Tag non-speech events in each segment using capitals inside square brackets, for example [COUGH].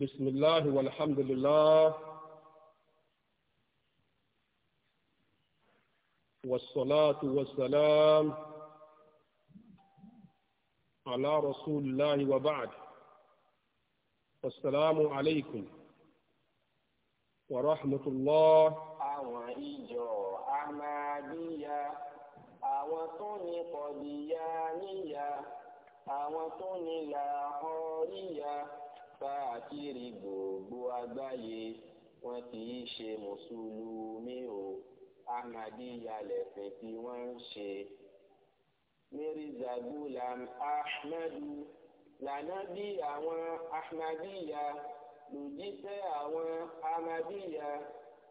بسم الله والحمد لله والصلاة والسلام على رسول الله وبعد السلام عليكم ورحمة الله àwọn ìjọ Ahmadiyya àwọn tó ní Qadiyaniyya káàkiri gbogbo àgbáyé wọn kì í ṣe mùsùlùmí o ahmadiyya lẹ̀sìn tí wọ́n ń ṣe. mirza gulam ahmadu lànábì àwọn ahmadiyya lòjíṣẹ́ àwọn ahmadiyya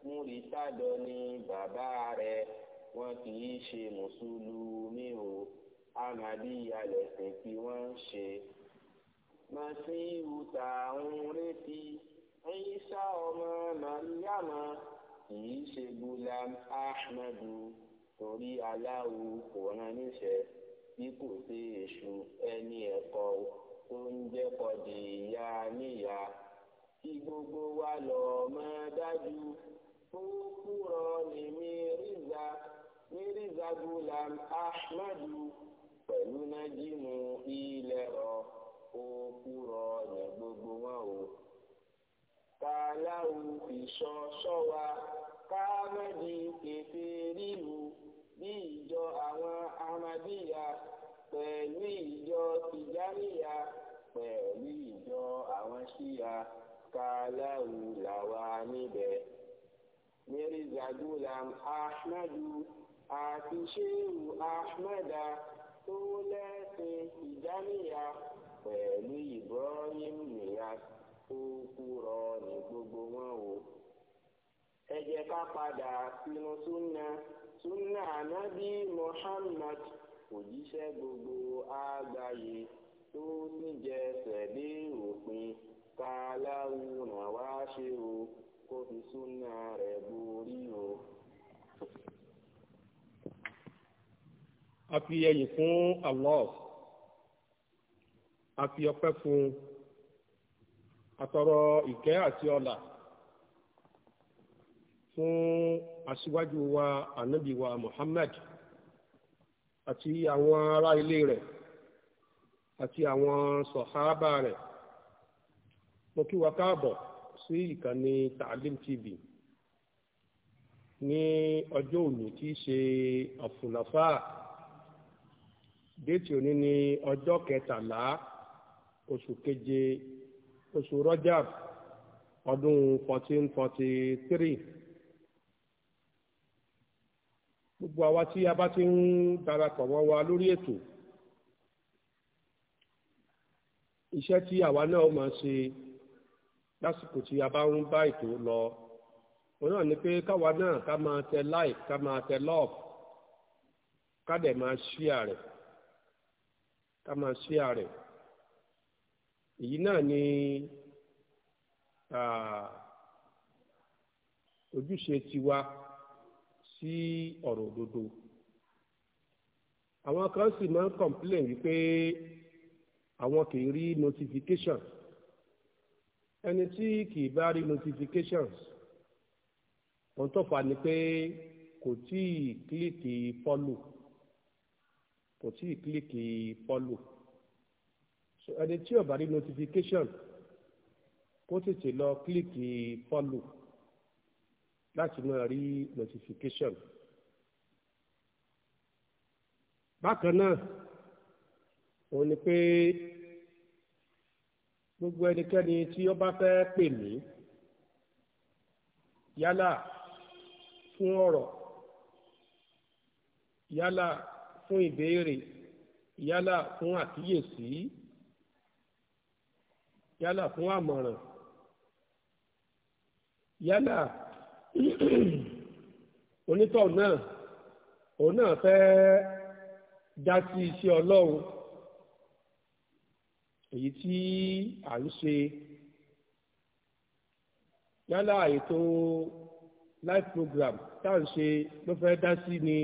múritádọ ni bàbá rẹ̀ wọn kì í ṣe mùsùlùmí o ahmadiyya lẹ̀sìn tí wọ́n ń ṣe màsíhù tá à ń retí Ìsá ọmọ màríyàmá kì ahmadu torí aláwo kò rán níṣẹ́ bí kò sí èṣù ẹni ẹ̀kọ́ tó ń jẹ́kọ̀ di ìyá níyà kí gbogbo wa lọ mọ̀ dájú ó kúrọ ní mírízà mírízà gulam ahmadu pẹ̀lú nájímù ilẹ̀ rọ ó kúrọ yẹn gbogbo wọn o. kàláwù ìṣọ ṣọwa kámẹ́dì kété ríru bí ìjọ àwọn amadíyà pẹ̀lú ìjọ tìjáníyà pẹ̀lú ìjọ àwọn ṣíyà kàláwù làwa níbẹ̀. Mirza Ghulam Ahmadu àti Shehu ahmeda, tó lẹ́sìn ìjáníyà. pẹ̀lú Ibrahim Niyas ó kúrọ ní gbogbo wọn o. ẹ jẹ́ ká padà sínú súnà súnà ànábì Muhammad òjíṣẹ́ gbogbo àgbáyé tó sì jẹsẹ̀ dé òpin ká láwùrán wá ṣe o kó fi súnà rẹ̀ borí o. a fi ẹyìn fún Allah. àfi ọpẹ́ fún un àtọrọ ìkẹ́ àti ọlà fún aṣíwájú wa ànábì wa Muhammad àti àwọn ará ilé rẹ̀ àti àwọn sọ̀háábà rẹ̀ mo kí wa káàbọ̀ sí ìkànnì Taalim TV ní ọjọ́ òní tí í ṣe àfùlàfáà déètì òní ní ọjọ́ kẹtàlá oṣù keje oṣù Rajab ọdún fourteen forty three gbogbo àwa tí a bá ti ń darapọ̀ mọ́ wa lórí ètò iṣẹ́ tí àwa náà máa ṣe lásìkò tí a bá ń bá ètò lọ òun náà ni pé káwa náà ká máa tẹ like ká máa tẹ love ká dẹ̀ máa share rẹ̀ ká máa share rẹ̀ èyí náà ni ojúṣe tiwa sí ọ̀rọ̀ òdodo àwọn kan sì máa ń complain wípé àwọn kì í rí notification ẹni tí kì í bá rí notifications ohun tó fà ni pé kò tí ì kílíkì follow kò tí ì kílíkì follow ẹni tí ó bá rí notification kó tètè lọ kílíkì follow láti máa rí notification. bákan náà òun ni pé gbogbo ẹnikẹ́ni tí ó bá fẹ́ pè mí yálà fún ọ̀rọ̀ yálà fún ìbéèrè yálà fún àkíyèsí yálà fún àmọ̀ràn yálà [CLEARS THROAT] onítọ̀ náà òun náà fẹ́ dá sí iṣẹ́ ọlọ́run èyí tí à ń ṣe yálà ètò life program tá à ń ṣe ló fẹ́ dá sí ni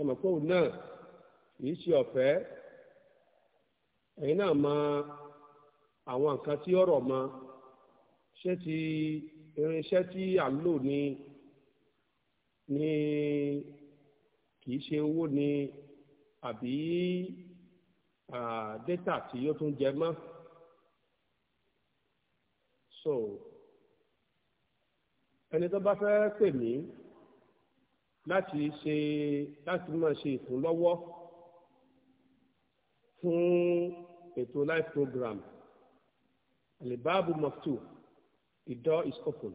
ẹmọ̀ pé òun náà kì í ṣe ọ̀fẹ́ ẹ̀yin náà máa àwọn nǹkan tí ọ̀rọ̀ mọ ṣé ti irinṣẹ́ tí à ń lò ní ní kì í ṣe owó ni àbí data tí ó tún jẹ mọ́ so ẹni tó bá fẹ́ pè mí láti ṣe láti máa ṣe ìfúnlọ́wọ́ fún ètò live program alibabu maftu the door is open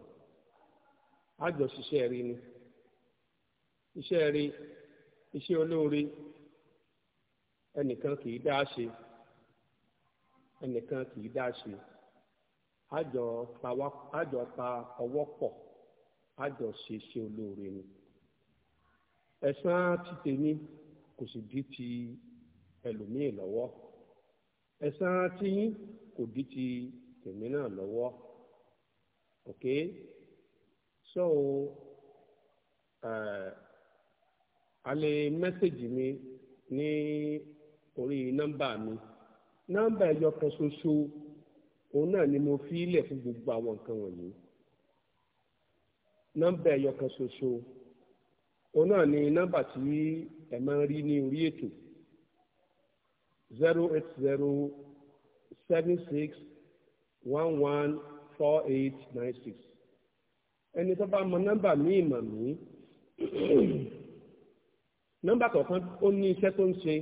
àjọṣiṣẹ́ rí ni iṣẹ́ rí iṣẹ́ olóore ẹnìkan kì í dá ṣe ẹnìkan kì í dá ṣe àjọ pa ọwọ́ pọ̀ àjọ ṣe iṣẹ́ olóore ni ẹ̀san ti tèmi kò sì dí ti ẹlòmíì lọ́wọ́ ẹ̀san ti yín kò dí ti tèmi náà lọ́wọ́ ok so uh, a lè mẹ́sẹ̀gì mi ní orí nọ́mbà mi nọ́mbà ẹyọ kan ṣoṣo òun náà ni mo fi ilẹ̀ fún gbogbo àwọn nǹkan wọ̀nyí nọ́mbà ẹyọ kan ṣoṣo òun náà ni nọ́mbà tí ẹ máa ń rí ní orí ètò zero eight zero seven six one one four eight nine six ẹni tó bá mọ nọ́mbà míì mọ̀ mí nọ́mbà kọ̀ọ̀kan ó ní iṣẹ́ tó ń ṣe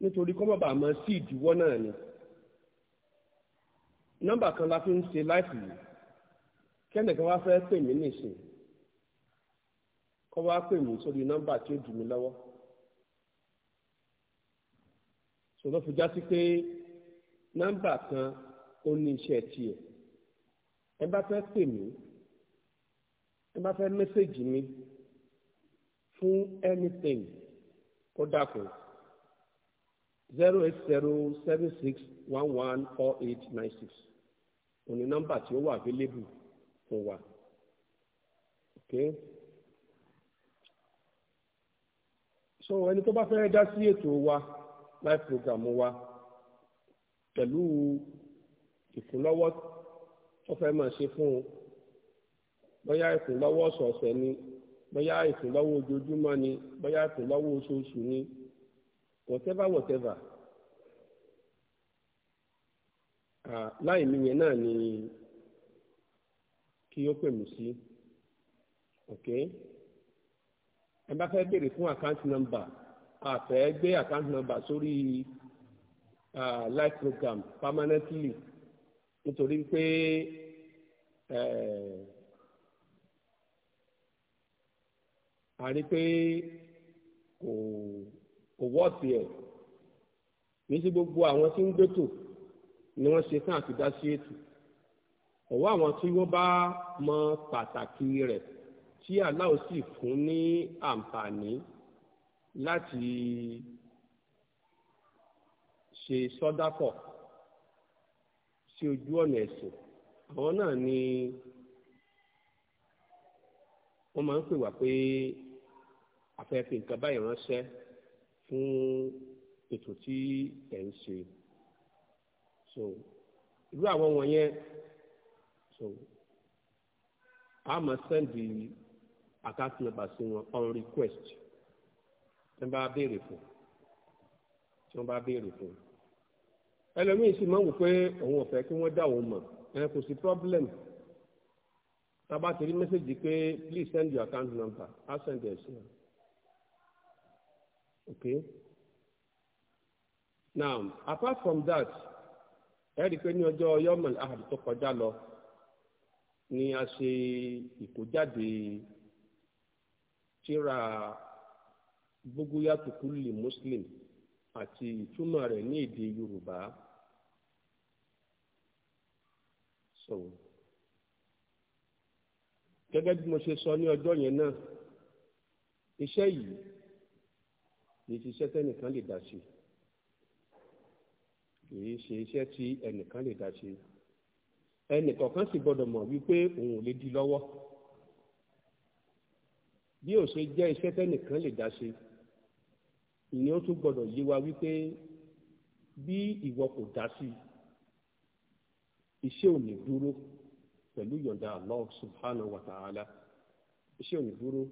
nítorí kọ́ bàbá àmọ́ sí ìdíwọ́ náà ni nọ́mbà kan la fi ń ṣe láìpù yìí kẹ́nìkan wá fẹ́ pè mí nìsín kọ́ wá pè mí sórí nọ́mbà tí ó dùn mí lọ́wọ́. ló fi já sí pé nọ́mbà kan ó ní iṣẹ́ tiẹ̀ ẹ bá fẹ́ pè mí ẹ bá fẹ́ mẹ́sẹ̀gì mi fún anything kó dàpọ̀ zero eight zero seven six one one four eight nine six òní nọ́mbà tí ó wà available fún wa. Okay. so ẹni tó bá fẹ́ dá sí ètò wa. Life program wa pẹ̀lú ìfúnlọ́wọ́ tó fẹ́ máa ṣe fún un bóyá ìfúnlọ́wọ́ ọ̀sọ̀ọ̀sẹ̀ ni bóyá ìfúnlọ́wọ́ ojoojúmọ́ ni bóyá ìfúnlọ́wọ́ oṣooṣù ni whatever whatever láì mí yẹn náà ni kí ó pè mí sí ok ẹ bá fẹ́ béèrè fún àkáǹtì nọ́mbà àfẹ́ gbé account number sórí life program permanently nítorí pé a rí pé kò kò wọ́ọ̀tì ẹ̀ ní sí gbogbo àwọn tí ń gbẹ́tò ni wọ́n ṣe tán àti dá sí ètò ọ̀wọ́ àwọn tí wọ́n bá mọ pàtàkì rẹ̀ tí aláwo sì fún ní àǹfààní láti ṣe sọ́dákọ̀ sí ojú ọ̀nà ẹ̀sìn àwọn náà ni wọ́n máa ń pè wá pé afẹ́fẹ́ nǹkan báyìí ránṣẹ́ fún ètò tí ẹ̀ ń ṣe so irú àwọn wọ̀nyẹn so a máa sẹ́ndì account number sí wọn on request tí wọ́n bá béèrè fún tí wọ́n bá béèrè fún ẹlòmíín sì máa ń wò pé òun ò fẹ́ kí wọ́n dá òun mọ̀ ẹ kò sí problem tábà ti rí mẹ́sẹ̀gì pé please send your account number á send it to you. okay now apart from that ẹ i pé ní ọjọ́ yọmọ ahad tó kọjá lọ ni a ṣe ìkójáde tíra buguyatu kulli muslim àti ìtumọ̀ rẹ̀ ní èdè yorùbá. So, gẹ́gẹ́ bí mo ṣe sọ ní ọjọ́ yẹn náà iṣẹ́ yìí kì í ṣiṣẹ́ tẹ́nìkan lè dá sí kì í ṣe iṣẹ́ tí ẹnìkan lè dá sí ẹnìkọ̀ọ̀kan sì gbọ́dọ̀ mọ̀ wípé òun ò lè di lọ́wọ́ bí ó ṣe jẹ́ iṣẹ́ tẹ́nìkan lè dá sí ìyẹn ó tún gbọ́dọ̀ yé wa wípé bí ìwọ kò dá sí iṣẹ́ ò ní dúró pẹ̀lú yọ̀ǹda Allah subhanahu wa ta'ala iṣẹ́ ò ní dúró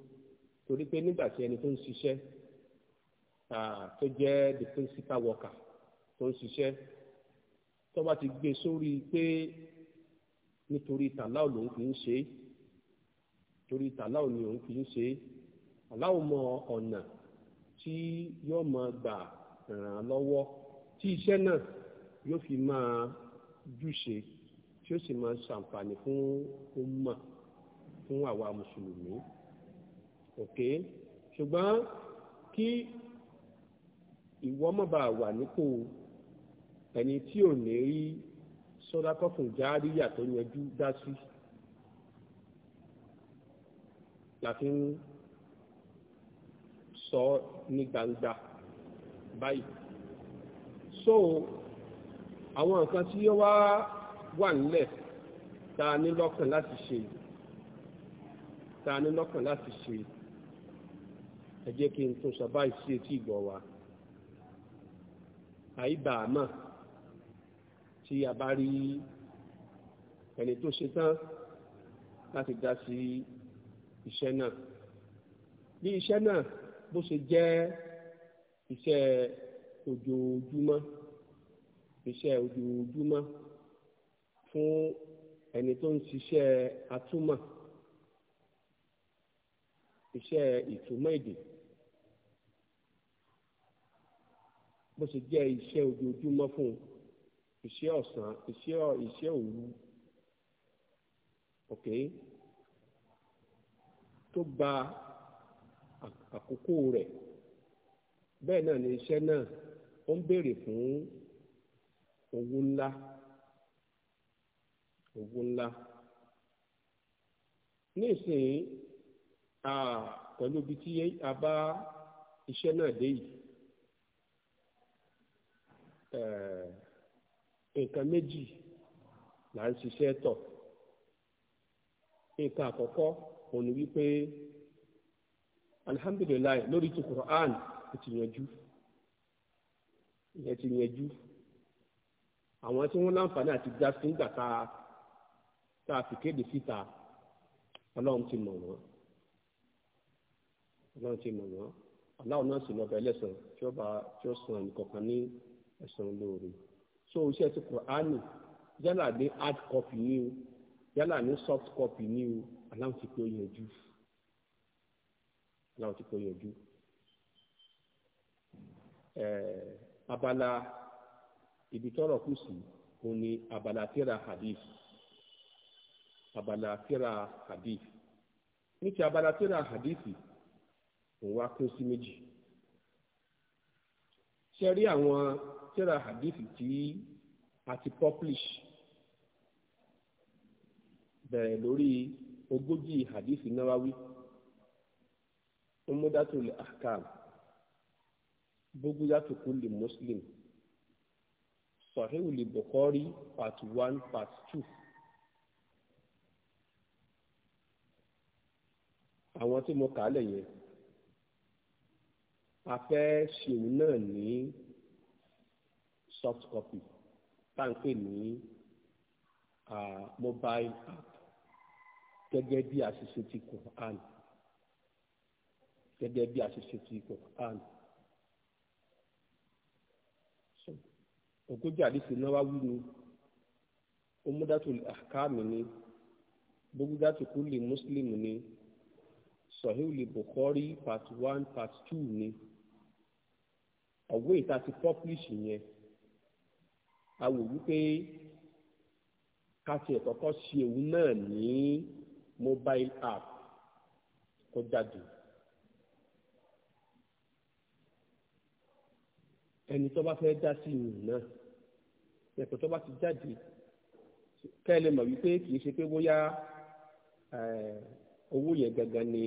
torí pé nígbà tí ẹni tó ń ṣiṣẹ́ tó jẹ́ the principal worker tó ń ṣiṣẹ́ tó bá ti gbé sórí pé nítorí tàláò lòun kì í ṣe é torí tàláò ni òun kì í ṣe é aláwọ̀ mọ ọ̀nà tí yóò máa gbà ràn án lọ́wọ́ tí iṣẹ́ náà yóò fi máa júṣe tí ó sì máa ṣàǹfààní fún ọmọ fún àwa mùsùlùmí ok ṣùgbọ́n kí ìwọ má bàa wà nípò ẹni tí ò ní rí sọ́dákọ́fùn járíyà tó yanjú dá sí la ń sọ ní gbangba báyìí so àwọn nǹkan tí yóò wá wà nílẹ̀ ta ní lọ́kàn láti ṣe ta ní lọ́kàn láti ṣe ẹ kí n tún sọ báyìí sí etí ìgbọ̀ wa àìbà àmà tí a bá rí ẹni tó ṣe tán láti dá sí iṣẹ́ náà bí iṣẹ́ náà bó ṣe jẹ́ iṣẹ́ ojoojúmọ́ iṣẹ́ ojoojúmọ́ fún ẹni tó ń ṣiṣẹ́ atúmọ̀ iṣẹ́ ìtumọ̀ èdè bó ṣe jẹ́ iṣẹ́ ojoojúmọ́ fún iṣẹ́ ọ̀sán iṣẹ́ iṣẹ́ òru ok tó gba àkókò rẹ bẹ́ẹ̀ náà ni iṣẹ́ náà ó ń béèrè fún owó ńlá owó ńlá nísìnyí ibi tí a bá iṣẹ́ náà dé yìí nǹkan méjì là ń ṣiṣẹ́ tọ̀ nǹkan àkọ́kọ́ òun ni wípé. alihamdulilayi lórí ti quran ó ti yanjú ìyẹn ti yanjú àwọn tí wọ́n láǹfààní àti já sí nígbà tá a tá a fi kéde síta ọlọ́run ti mọ̀ wọ́n ọlọ́run ti mọ̀ wọ́n aláwọ̀ náà sì lọ́bẹ̀ ẹlẹ́sàn tí ó bá tí ó san ẹnìkọ̀ọ̀kan ní ẹ̀san olóore so iṣẹ́ ti kùránì yálà ní hard copy ni o yálà ní soft copy ni o aláwọ̀ ti pé ó yanjú náà ti kó yọjú. abala ibi tọ́rọ̀ kù sí ó ní abala tíra hadith abala tíra hadith ní ti abala tíra hadith òun wá kún sí méjì ṣe rí àwọn tíra hadith tí a ti publish bẹ̀rẹ̀ lórí ogójì hadith náwáwí umudatul ahkam bugudatu kulli muslim sahihu li bukhari part one part two. àwọn tí mo kà á lẹ̀ yẹn a fẹ́ ṣèwú náà ní soft copy tá à ń pè ah, mobile app gẹ́gẹ́ bí àṣìṣe ti Quran gẹ́gẹ́ bí a ṣe ṣe ti Quran ogójì àdìsí Nawawi ni umudatul ahkami ni bugudatu kulli muslim ni sahihul Bukhari part one part two ni ọ̀wé ìta ti publish yẹn a wò wípé ká tiẹ̀ kọ́kọ́ ṣe òun náà ní mobile app kó jáde. ẹni tó bá fẹ́ dá sí ìrìn náà ẹ̀pẹ̀ tó bá ti jáde kẹ́lẹ̀ mọ̀ wípé kì í ṣe pé bóyá owó yẹn gangan ni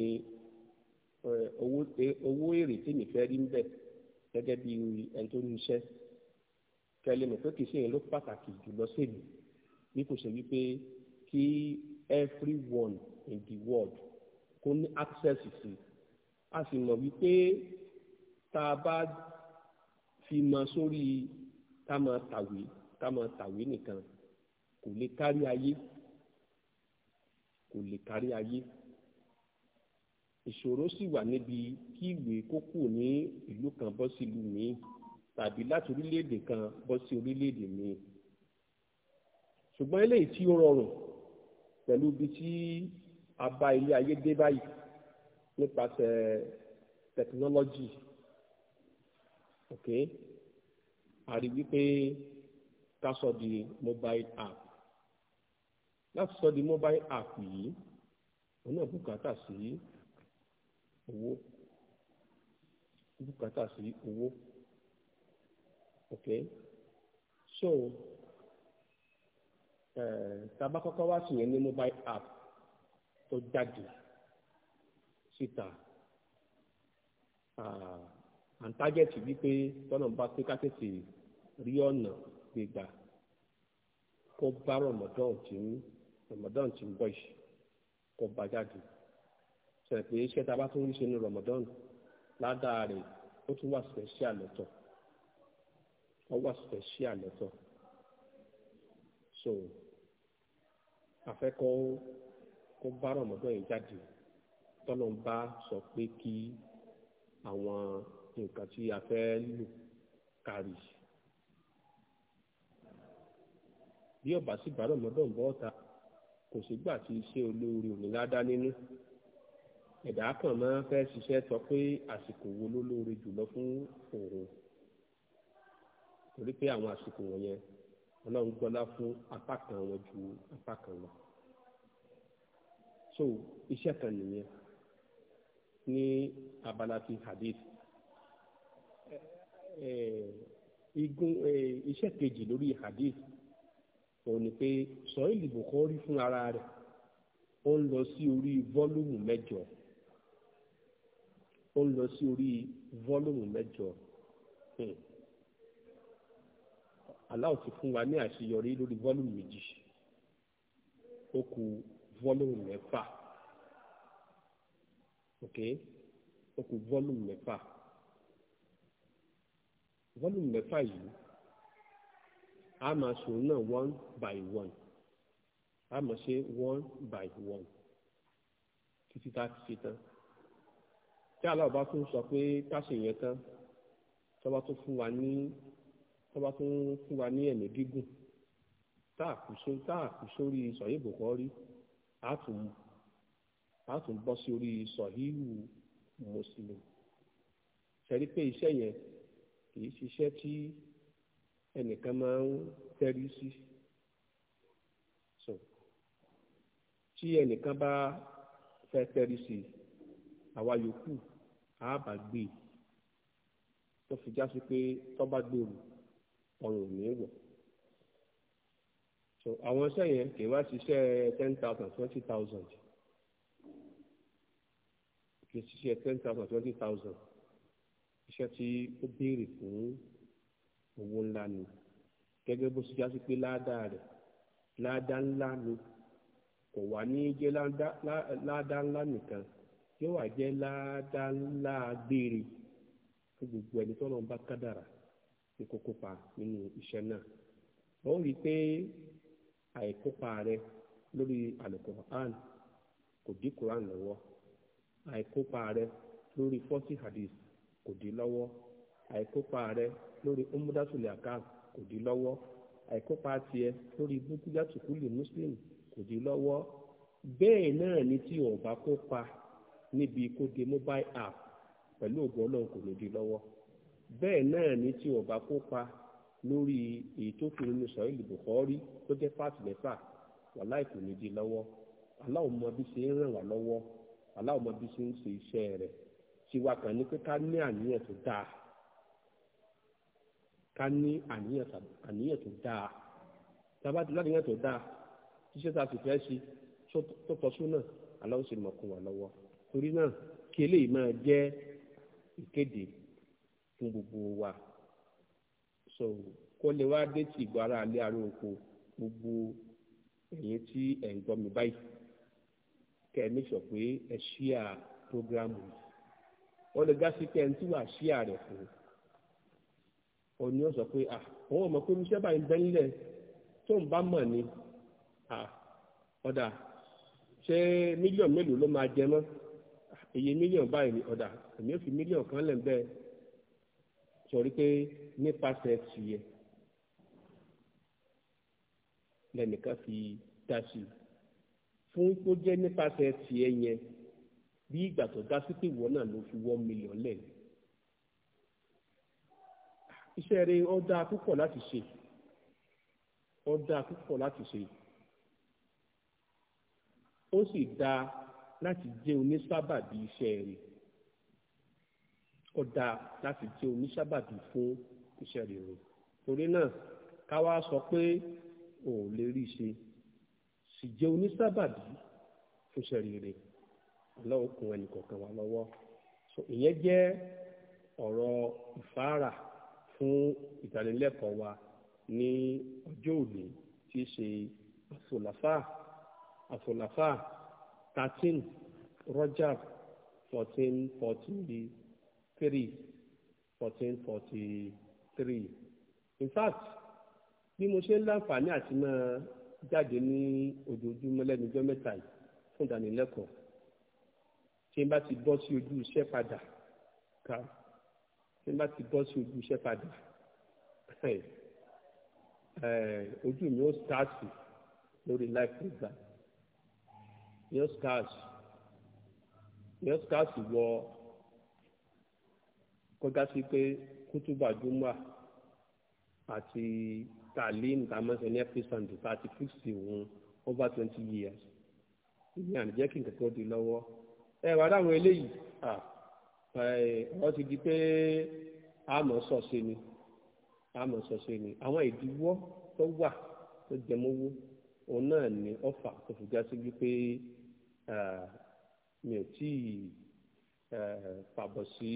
owó èrè tí mi fẹ́ rí ń bẹ̀ gẹ́gẹ́ bí ẹni tó ní iṣẹ́ kẹ́lẹ̀ mọ̀ pé kì í ṣe yẹn ló pàtàkì jùlọ sèmi bí kò ṣe wípé kí everyone in the world kó ní access sí a sì mọ̀ wípé tá a bá fi mọ sórí ká máa tàwé ká máa tàwé nìkan kò lè kárí ayé kò lè kárí ayé ìṣòro sì wà níbi kí ìwé kókò ní ìlú kan bọ́ sí ìlú míì tàbí láti orílẹ̀-èdè kan bọ́ sí orílẹ̀-èdè míì ṣùgbọ́n eléyìí tí ó rọrùn pẹ̀lú ibi tí a bá ilé ayé dé báyìí nípasẹ̀ tẹkinọ́lọ́jì ok a rí wípé ká sọ di mobile app láti sọ di mobile app yìí òun náà bùkátà sí owó bùkátà sí owó ok so tàbá kọ́kọ́ wá sí yẹn ní mobile app tó jáde síta. Uh, and target wípé tọ́nà bá pé ká tètè rí ọ̀nà gbégbà kó bá rọmọdán tí ń rọmọdán tí ń bọ̀ yìí kó bá jáde sọ̀rọ̀ pé iṣẹ́ tá a bá tún rí ṣe ní rọmọdán ládàá rẹ̀ ó tún wà special lọ́tọ̀ ó wà special lọ́tọ̀ so àfẹ́kọ́ kó bá rọmọdán yìí jáde tọ́nà bá sọ pé kí àwọn nǹkan tí a fẹ́ lò kárí. bí ọba sì bá rọmọdọ ń bọ ọta kò sígbà tí iṣẹ́ olóore òní ládá nínú ẹ̀dá kan máa fẹ́ ṣiṣẹ́ sọ pé àsìkò wo ló lóore jùlọ fún òun torí pé àwọn àsìkò wọ̀nyẹn Ọlọ́run gbọ́lá fún apá kan wọn ju apá kan lọ so iṣẹ́ kan nìyẹn ní abala ti hadith Eh, igun eh, iṣẹ́ kejì lórí hadith òun ni pé sọ́ìlì Bukhari fún ara rẹ̀ ó ń lọ sí orí fọ́lùmù mẹ́jọ ó ń lọ sí orí fọ́lùmù mẹ́jọ hmm. Allah ti fún wa ní àṣeyọrí lórí fọ́lùmù méjì ó kù fọ́lùmù mẹ́fà ok ó kù fọ́lùmù mẹ́fà. Okay? volume mẹ́fà yìí a máa sùn náà one by one a máa ṣe one by one títí tá a ti ṣe tán tí aláwọ̀ bá tún sọ pé káṣe yẹn tán tó bá tún fún wa ní tó bá tún fún wa ní ẹ̀mí gígùn tá a kù sórí sọ̀yìn ìbùkún rí a tún a tún bọ́ sí orí sọ̀híhù mùsùlùmí ṣẹ̀rí pé iṣẹ́ yẹn kì í ṣiṣẹ́ tí ẹnìkan máa ń tẹ́rí sí so tí ẹnìkan bá fẹ́ tẹ́rí sí àwa yòókù á bá gbé e. tó fi já pé tó gbòòrò e ọ̀rùn ò ní wọ̀ so àwọn iṣẹ́ yẹn kì í wá ṣiṣẹ́ ten thousand twenty thousand kì í ṣiṣẹ́ ten thousand twenty thousand iṣẹ́ tí ó béèrè fún owó ńlá ni gẹ́gẹ́ bó ṣe já sí pé ládàá rẹ̀ ládàá ńlá ni kò wá ní jẹ́ ládàá ńlá nìkan yóò wá jẹ́ ládàá ńlá gbére fún gbogbo ẹni tó lọ́n bá kádàrà ní kó kópa nínú iṣẹ́ náà. ó rí i pé àìkópa rẹ lórí Al-Qur'an kò dín Qur'an lọ́wọ́ àìkópa rẹ lórí fọ́sí hadith kò dí lọ́wọ́ àìkópa rẹ lórí umudatuli akam kò dí lọ́wọ́ àìkópa tiẹ̀ lórí bukudatukuli muslim kò dí lọ́wọ́ bẹ́ẹ̀ náà ni tí o kópa níbi kó mobile app pẹ̀lú ògùn ọlọ́run kò ní dí lọ́wọ́ bẹ́ẹ̀ náà ni tí o bá kópa lórí èyí tó fi nínú sọ̀rọ̀ ìlú Bukhari tó jẹ́ pàtì mẹ́fà wàláì ní dí lọ́wọ́ aláwọ̀ mọ ṣe ń ràn wá lọ́wọ́ aláwọ̀ mọ ṣe ń ṣe iṣẹ́ rẹ̀ tiwa kan ní pé ká ní àníyàn tó dáa ká ní àníyàn tó dáa tàbá ti láníyàn tó dáa tíṣẹ́ ta sì fẹ́ ṣe tó tọ́sún náà aláwọ̀ sì mọ̀ kún wa lọ́wọ́ torí náà kí eléyìí máa jẹ́ ìkéde fún gbogbo wa so kó lè wá dé ti ìgbọ́ ara alẹ́ àárọ̀ oko gbogbo ẹ̀yin tí ẹ̀ ń gbọ́ mi báyìí kẹ́ ẹ ní sọ pé ẹ ṣíà prógrámù yìí ó lè gásí pé ẹni tí wàá ṣí ààrẹ fún un òní ó sọ pé à òun ò mọ̀ pé iṣẹ́ báyìí bẹ́ nílẹ̀ tó ń bá mọ̀ ni à ọ̀dà ṣé mílíọ̀nù mélòó ló máa jẹ mọ́ iye mílíọ̀nù báyìí ni ọ̀dà èmi ò fi mílíọ̀nù kan lẹ̀ ń bẹ́ẹ̀ sọ̀rí pé nípasẹ̀ tìyẹ lẹ́nìkan fi dá sí fún kó jẹ́ nípasẹ̀ tìyẹ yẹn bí ìgbà tó dá sí pé ìwọ náà ló fi wọ́n mílíọ̀n lẹ̀ ni. iṣẹ́ rẹ̀ ó dáa púpọ̀ láti ṣe ó da púpọ̀ láti ṣe ó sì dáa láti jẹ́ onísábàbí iṣẹ́ rẹ̀ ó dáa láti jẹ́ onísábàbí fún iṣẹ́ rẹ̀ rẹ̀ torí náà ká wá sọ pé ò lè rí ṣe sì jẹ́ onísábàbí fún iṣẹ́ rẹ̀ rẹ̀ ọlọ́run ẹnì kọ̀ọ̀kan wa lọ́wọ́ so ìyẹn jẹ́ ọ̀rọ̀ ìfáàrà fún ìdánilẹ́kọ̀ọ́ wa ní ọjọ́ òní tí í ṣe àsòlàfà àsòlàfà thirteen Rajab fourteen forty three fourteen forty three in fact bí mo ṣe ń láǹfààní àti máa jáde ní ojoojúmọ́ lẹ́nu ọjọ́ mẹ́ta yìí fún ìdánilẹ́kọ̀ọ́ tí n bá ti bọ́ sí ojú iṣẹ́ padà ká tí n bá ti bọ́ sí ojú iṣẹ́ padà eh, ojú mi ó stáàsì lórí life program yóò stáàsì yóò stáàsì wọ kọjá sí pé kútùbà júmọ́ àti talim tamọ́sẹ̀ ní ẹ́fíṣàǹdì thirty six òun over twenty years ìyẹn àníjẹ́ kí n kẹ́kọ̀ọ́ di lọ́wọ́ ẹ wà láwọn eléyìí wọ́n ti di pé àmọ́ sọ̀ṣe ni àmọ́ sọ̀ṣe ni àwọn ìdíwọ́ tó wà tó jẹmọ́wó òun náà ni ọ̀fà tó fi já sí wípé mi ò tí ì fàbọ̀ sí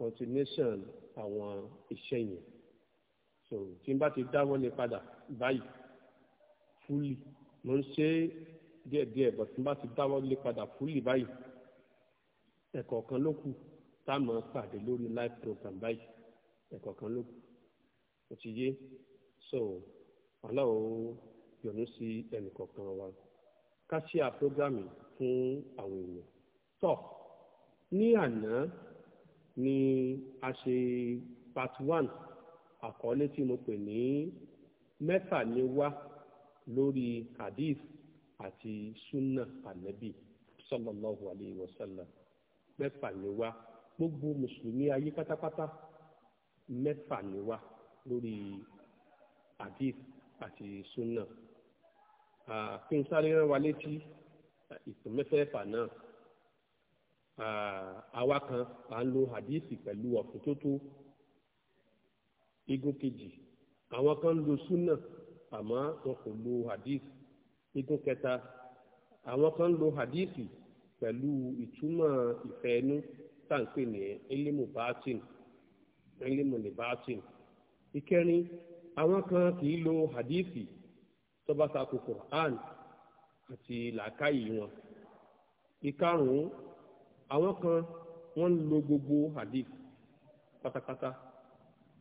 continuation àwọn iṣẹ́ yẹn so tí n bá ti dá wọ́n lè padà báyìí fúlì mo ń ṣe é díẹ̀díẹ̀ bọ̀ tí n bá ti dáwọ́ lé padà fúlì báyìí ẹ̀kọ́ kan ló kù táwọn pàdé lórí live program báyìí ẹ̀kọ́ kan ló kù ó ti yé so aláwo yọ́nú sí ẹnìkọ̀ọ̀kan wa ká ṣe àpérógámì fún àwọn èèyàn tọ ní àná ni a ṣe part one àkọlé tí mo pè ní mẹ́fà ni wá lórí hadith àti súnà ànábì sallallahu alayhi wa sallam mẹ́fà ni wá gbogbo mùsùlùmí ayé pátápátá mẹ́fà ni wá lórí hadith àti súnà kí n sáré rán wa létí ìtàn mẹ́fẹ̀ẹ̀fà náà àwa kan à ń lo hadith pẹ̀lú ọ̀fun tó tó igun kejì àwọn kan ń lo súnà àmọ́ wọn kò lo hadith igun kẹta àwọn kan lo hadithi pẹ̀lú ìtumọ̀ ìfẹ́nu táǹpé ní elimu batin elimu ní batin ìkẹrin àwọn kan kì í lo hadithi tó bá tako Quran àti làákàyè wọn ìkarùn-ún àwọn kan wọ́n lo gbogbo hadith pátápátá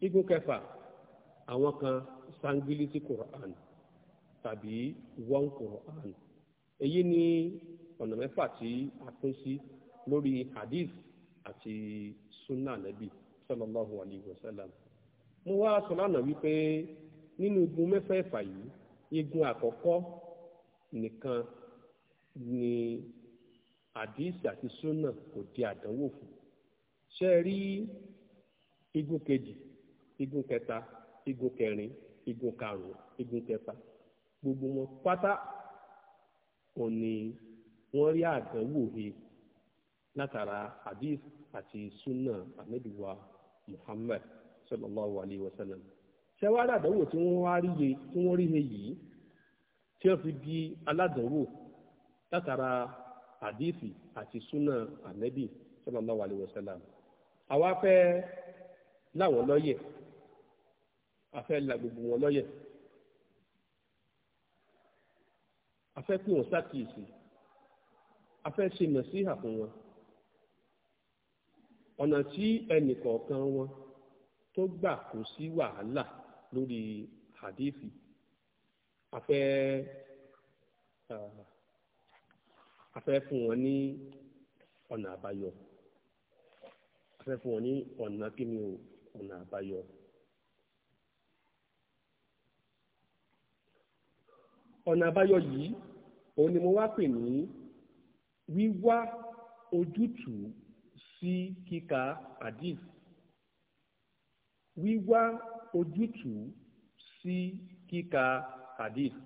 igun kẹfà àwọn kan sangilisi Quran tàbí one Quran èyí ni ọ̀nà mẹ́fà tí a pín sí lórí hadith àti sunna nabi sallallahu alayhi wa sallam mo wá sọ lánàá wípé nínú igun mẹ́fẹ̀ẹ̀fà yìí igun àkọ́kọ́ nìkan ni hadith àti sunna kò di àdánwò fún ṣe rí igun kejì igun kẹta igun kẹrin igun karùn-ún igun kẹfà gbogbo wọn pátá wọn ni wọ́n rí àdánwò he látara hadith àti sunna anabiwa muhammad sallallahu alayhi wa sallam ṣẹwàá àdánwò tí wọ́n wá rí he tí wọ́n rí he yìí tí wọ́n fi di aládánwò látara hadithi àti sunna anabi sallallahu alayhi wa sallam àwa fẹ́ láwọn lọ́yẹ̀ a fẹ́ la gbogbo wọn lọ́yẹ̀. afẹ́ pé wọ́n ṣàkíyèsí afẹ́ ṣe mẹ̀síhà fún wọn ọ̀nà tí ẹnìkọ̀ọ̀kan wọn tó gbà kò sí wàhálà lórí hadithi afẹ́ afẹ́ fún wọn ní ọ̀nà àbáyọ afẹ́ fún wọn ní ọ̀nà kí ni o ọ̀nà àbáyọ. ọ̀nà àbáyọ yìí òun ni mo wá pè ní wíwá ojútùú sí kíka hadith wíwá ojútùú sí kíka hadith.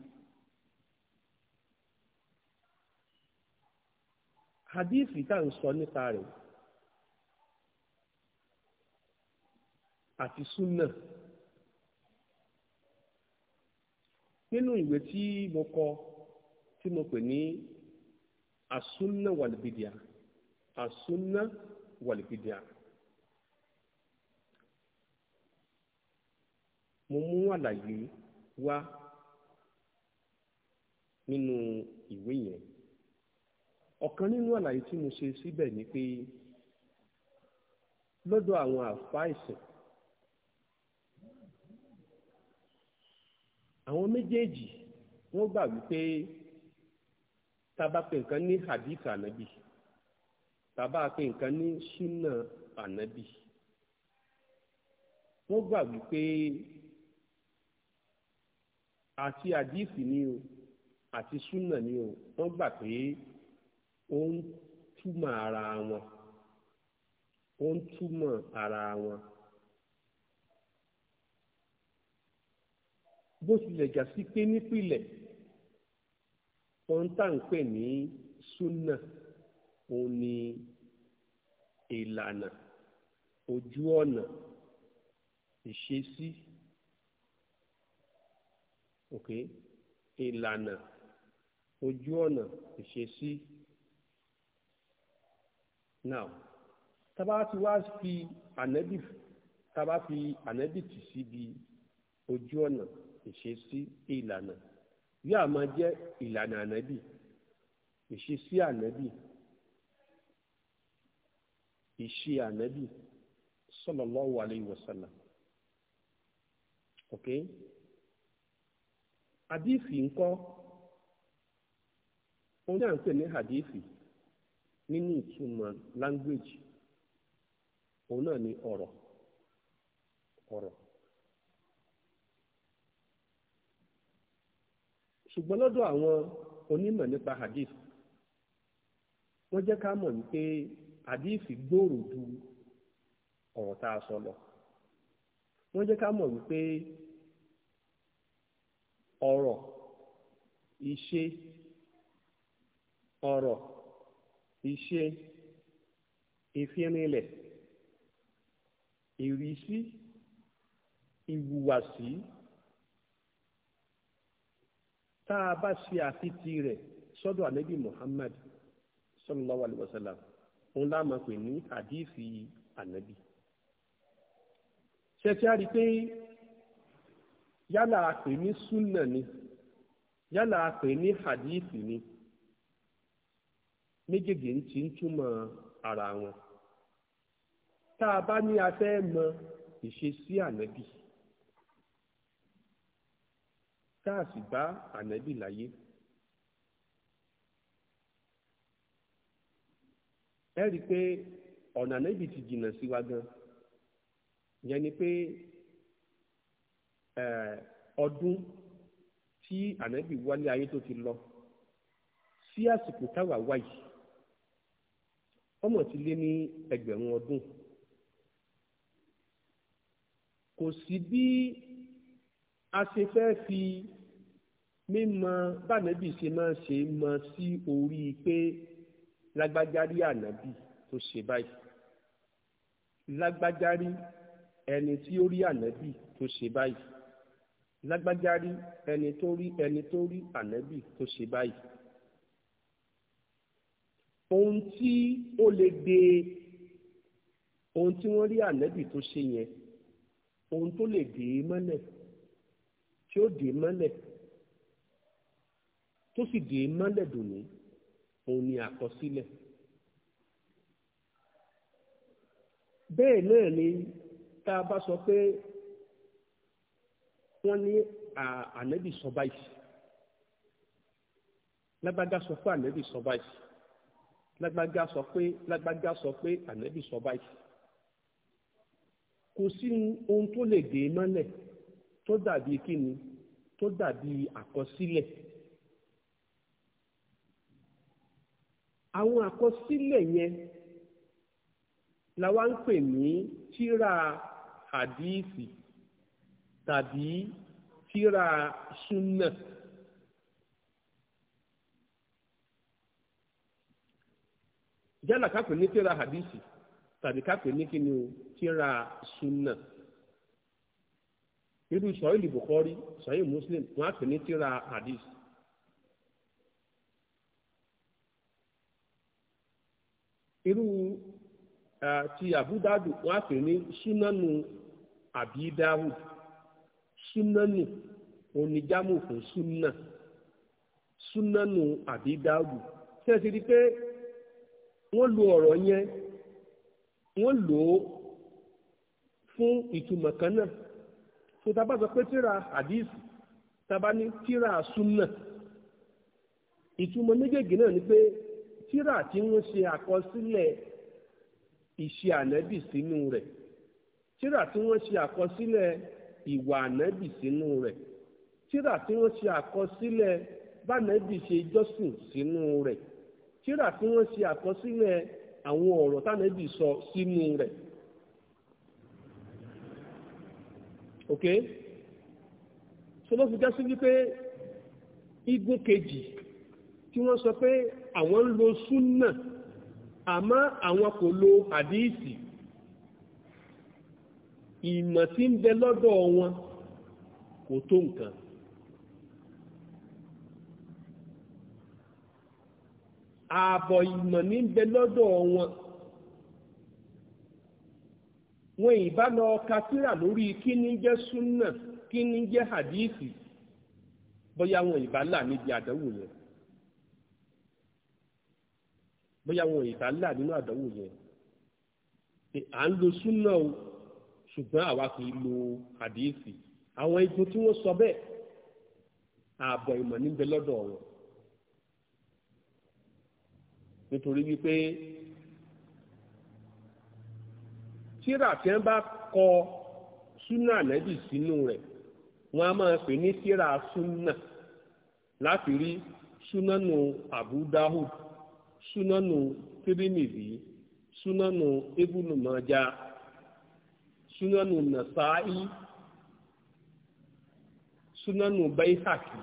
hadith tá à ń sọ nípa rẹ̀ àti súnà nínú ìwé tí mo kọ tí mo pè ní asúnà wàlìbìdìà asúnà wàlìbìdìà mo mú àlàyé wá nínú ìwé yẹn ọ̀kan nínú àlàyé tí mo ṣe síbẹ̀ ni pé lọ́dọ̀ àwọn àfáà ìsìn àwọn méjèèjì wọ́n gbà wípé Taba pé nǹkan ní hadith ànábì tábà pé nǹkan ní ṣínà ànábì wọ́n gbà wípé àti hadith ni o àti ṣínà ni o wọ́n gbà pé ó ń túmọ̀ ara wọn ó ń túmọ̀ ara wọn. bó tilẹ̀ jà sí pé nípìnlẹ̀ ohun tá à ń pè ní súnà òun ni ìlànà ojú ọ̀nà ìṣesí ok ìlànà ojú ọ̀nà ìṣesí now tábà ti wá fi ànábì tábà fi ànábì tì síbi ojú ọ̀nà ìṣesí ìlànà yóò máa jẹ ìlànà ànábì ìṣesí ànábì ìṣe ànábì sallallahu alayhi wa sallam ok àdìsí ní àdìsí nínú ìtumọ̀ language òun náà ni ọ̀rọ̀ ọ̀rọ̀. ṣùgbọ́n lọ́dọ̀ àwọn onímọ̀ nípa hadith wọ́n jẹ́ ká mọ̀ wípé hadith gbòòrò ju ọ̀rọ̀ tá a sọ lọ wọ́n jẹ́ ká mọ̀ wípé ọ̀rọ̀ ìṣe ọ̀rọ̀ ìṣe ìfirinlẹ̀ ìrísí ìwùwàsí tá a bá ṣe àfitì rẹ̀ sọ́dọ̀ ànábì Muhammad sallallahu alaihi wasallam òun la máa pè ní àdíìsì ànábì ṣẹ́tí a rí pé yálà a pè ní súnà ni yálà a pè ní àdíìsì ni méjèèjì ń ti ń túmọ̀ ara wọn tá a bá ní a fẹ́ mọ ìṣesí ànábì tá a sì bá ànábì láyé. ẹ rí i pé ọ̀nà ànábì ti jìnnà sí wa gan yẹn ni pé ọdún tí ànábì wálé ayé tó ti lọ sí àsìkò táwa wáyé ọmọ ti lé ní ẹgbẹ̀rún ọdún kò sí bí a ṣe fẹ́ fi mímọ bánàbì ṣe máa ṣe mọ sí orí pé lágbájárí ànábì tó ṣe báyìí lágbájárí ẹni tí ó rí ànábì tó ṣe báyìí lágbájárí ẹni tó rí ẹni tó rí ànábì tó ṣe báyìí ohun tí ó lè de ohun tí wọ́n rí ànábì tó ṣe yẹn ohun tó lè dè é mọ́lẹ̀ tí ó dè é mọ́lẹ̀ tó sì dé mọ́lẹ̀ dòní òun ni àkọsílẹ̀. bẹ́ẹ̀ náà ni tá a bá sọ pé wọ́n ní ànábì sọ báyìí lágbájá sọ pé ànábì sọ báyìí lágbájá sọ pé lágbájá sọ pé ànábì sọ báyìí kò sí ohun tó lè dé mọ́lẹ̀ tó dàbí kíni tó dàbí àkọsílẹ̀. àwọn àkọsílẹ̀ yẹn làwa ń pè ní tírà hadisi tàbí tírà súnà. yálà ká pè ní tírà hadisi tàbí ká pè ní kíni o tírà súnà irú sọ̀rọ̀ ìlú Bukhari Muslim wọ́n á pè ní tírà hadisi. irú ti àbúdádù wọ́n á pè ní ṣínánù àbídáwù ṣínánù oníjámù fún súnà súnánù àbídáwù ṣe ti rí pé wọ́n lo ọ̀rọ̀ yẹn wọ́n lò ó fún ìtumọ̀ kan náà tó tá a bá sọ pé tíra hadith tá a bá ní tíra súnà ìtumọ̀ méjèèjì náà ni pé tíra tí wọ́n ṣe àkọsílẹ̀ ìṣe ànábì sínú rẹ̀ tíra tí wọ́n ṣe àkọsílẹ̀ ìwà ànábì sínú rẹ̀ tíra tí wọ́n ṣe àkọsílẹ̀ bánábì ṣe sínú rẹ̀ tíra tí wọ́n ṣe àkọsílẹ̀ àwọn ọ̀rọ̀ tánábì sọ sínú rẹ̀. ok so jásí wípé igun kejì tí wọ́n sọ pé àwọn ń lo súnà àmọ́ àwọn kò lo àdíìsì ìmọ̀ tí ń bẹ lọ́dọ̀ wọn kò tó nǹkan ààbọ̀ ìmọ̀ ní ń bẹ lọ́dọ̀ wọn wọn ìbá lọ ka tírà lórí kí ní jẹ́ súnà kí ní jẹ́ àdíìsì bóyá wọn ìbá là níbi àdánwò yẹn bóyá wọn ìta ńlá nínú àdánwò yẹn pé à ń lo súnà o ṣùgbọ́n àwa kì í lo àdéhìsì àwọn igun tí wọ́n sọ bẹ́ẹ̀ ààbọ̀ ìmọ̀ níbẹ̀ lọ́dọ̀ wọn nítorí wípé tíra tí wọ́n bá kọ súnà nẹ́bì sínú rẹ̀ wọ́n á máa pè ní tíra súnà láti rí súnánù Abu Dawud súnánù tírímìlì súnánù ebùnùmọ́já súnánù nàṣáì súnánù bẹ́ẹ̀hàkì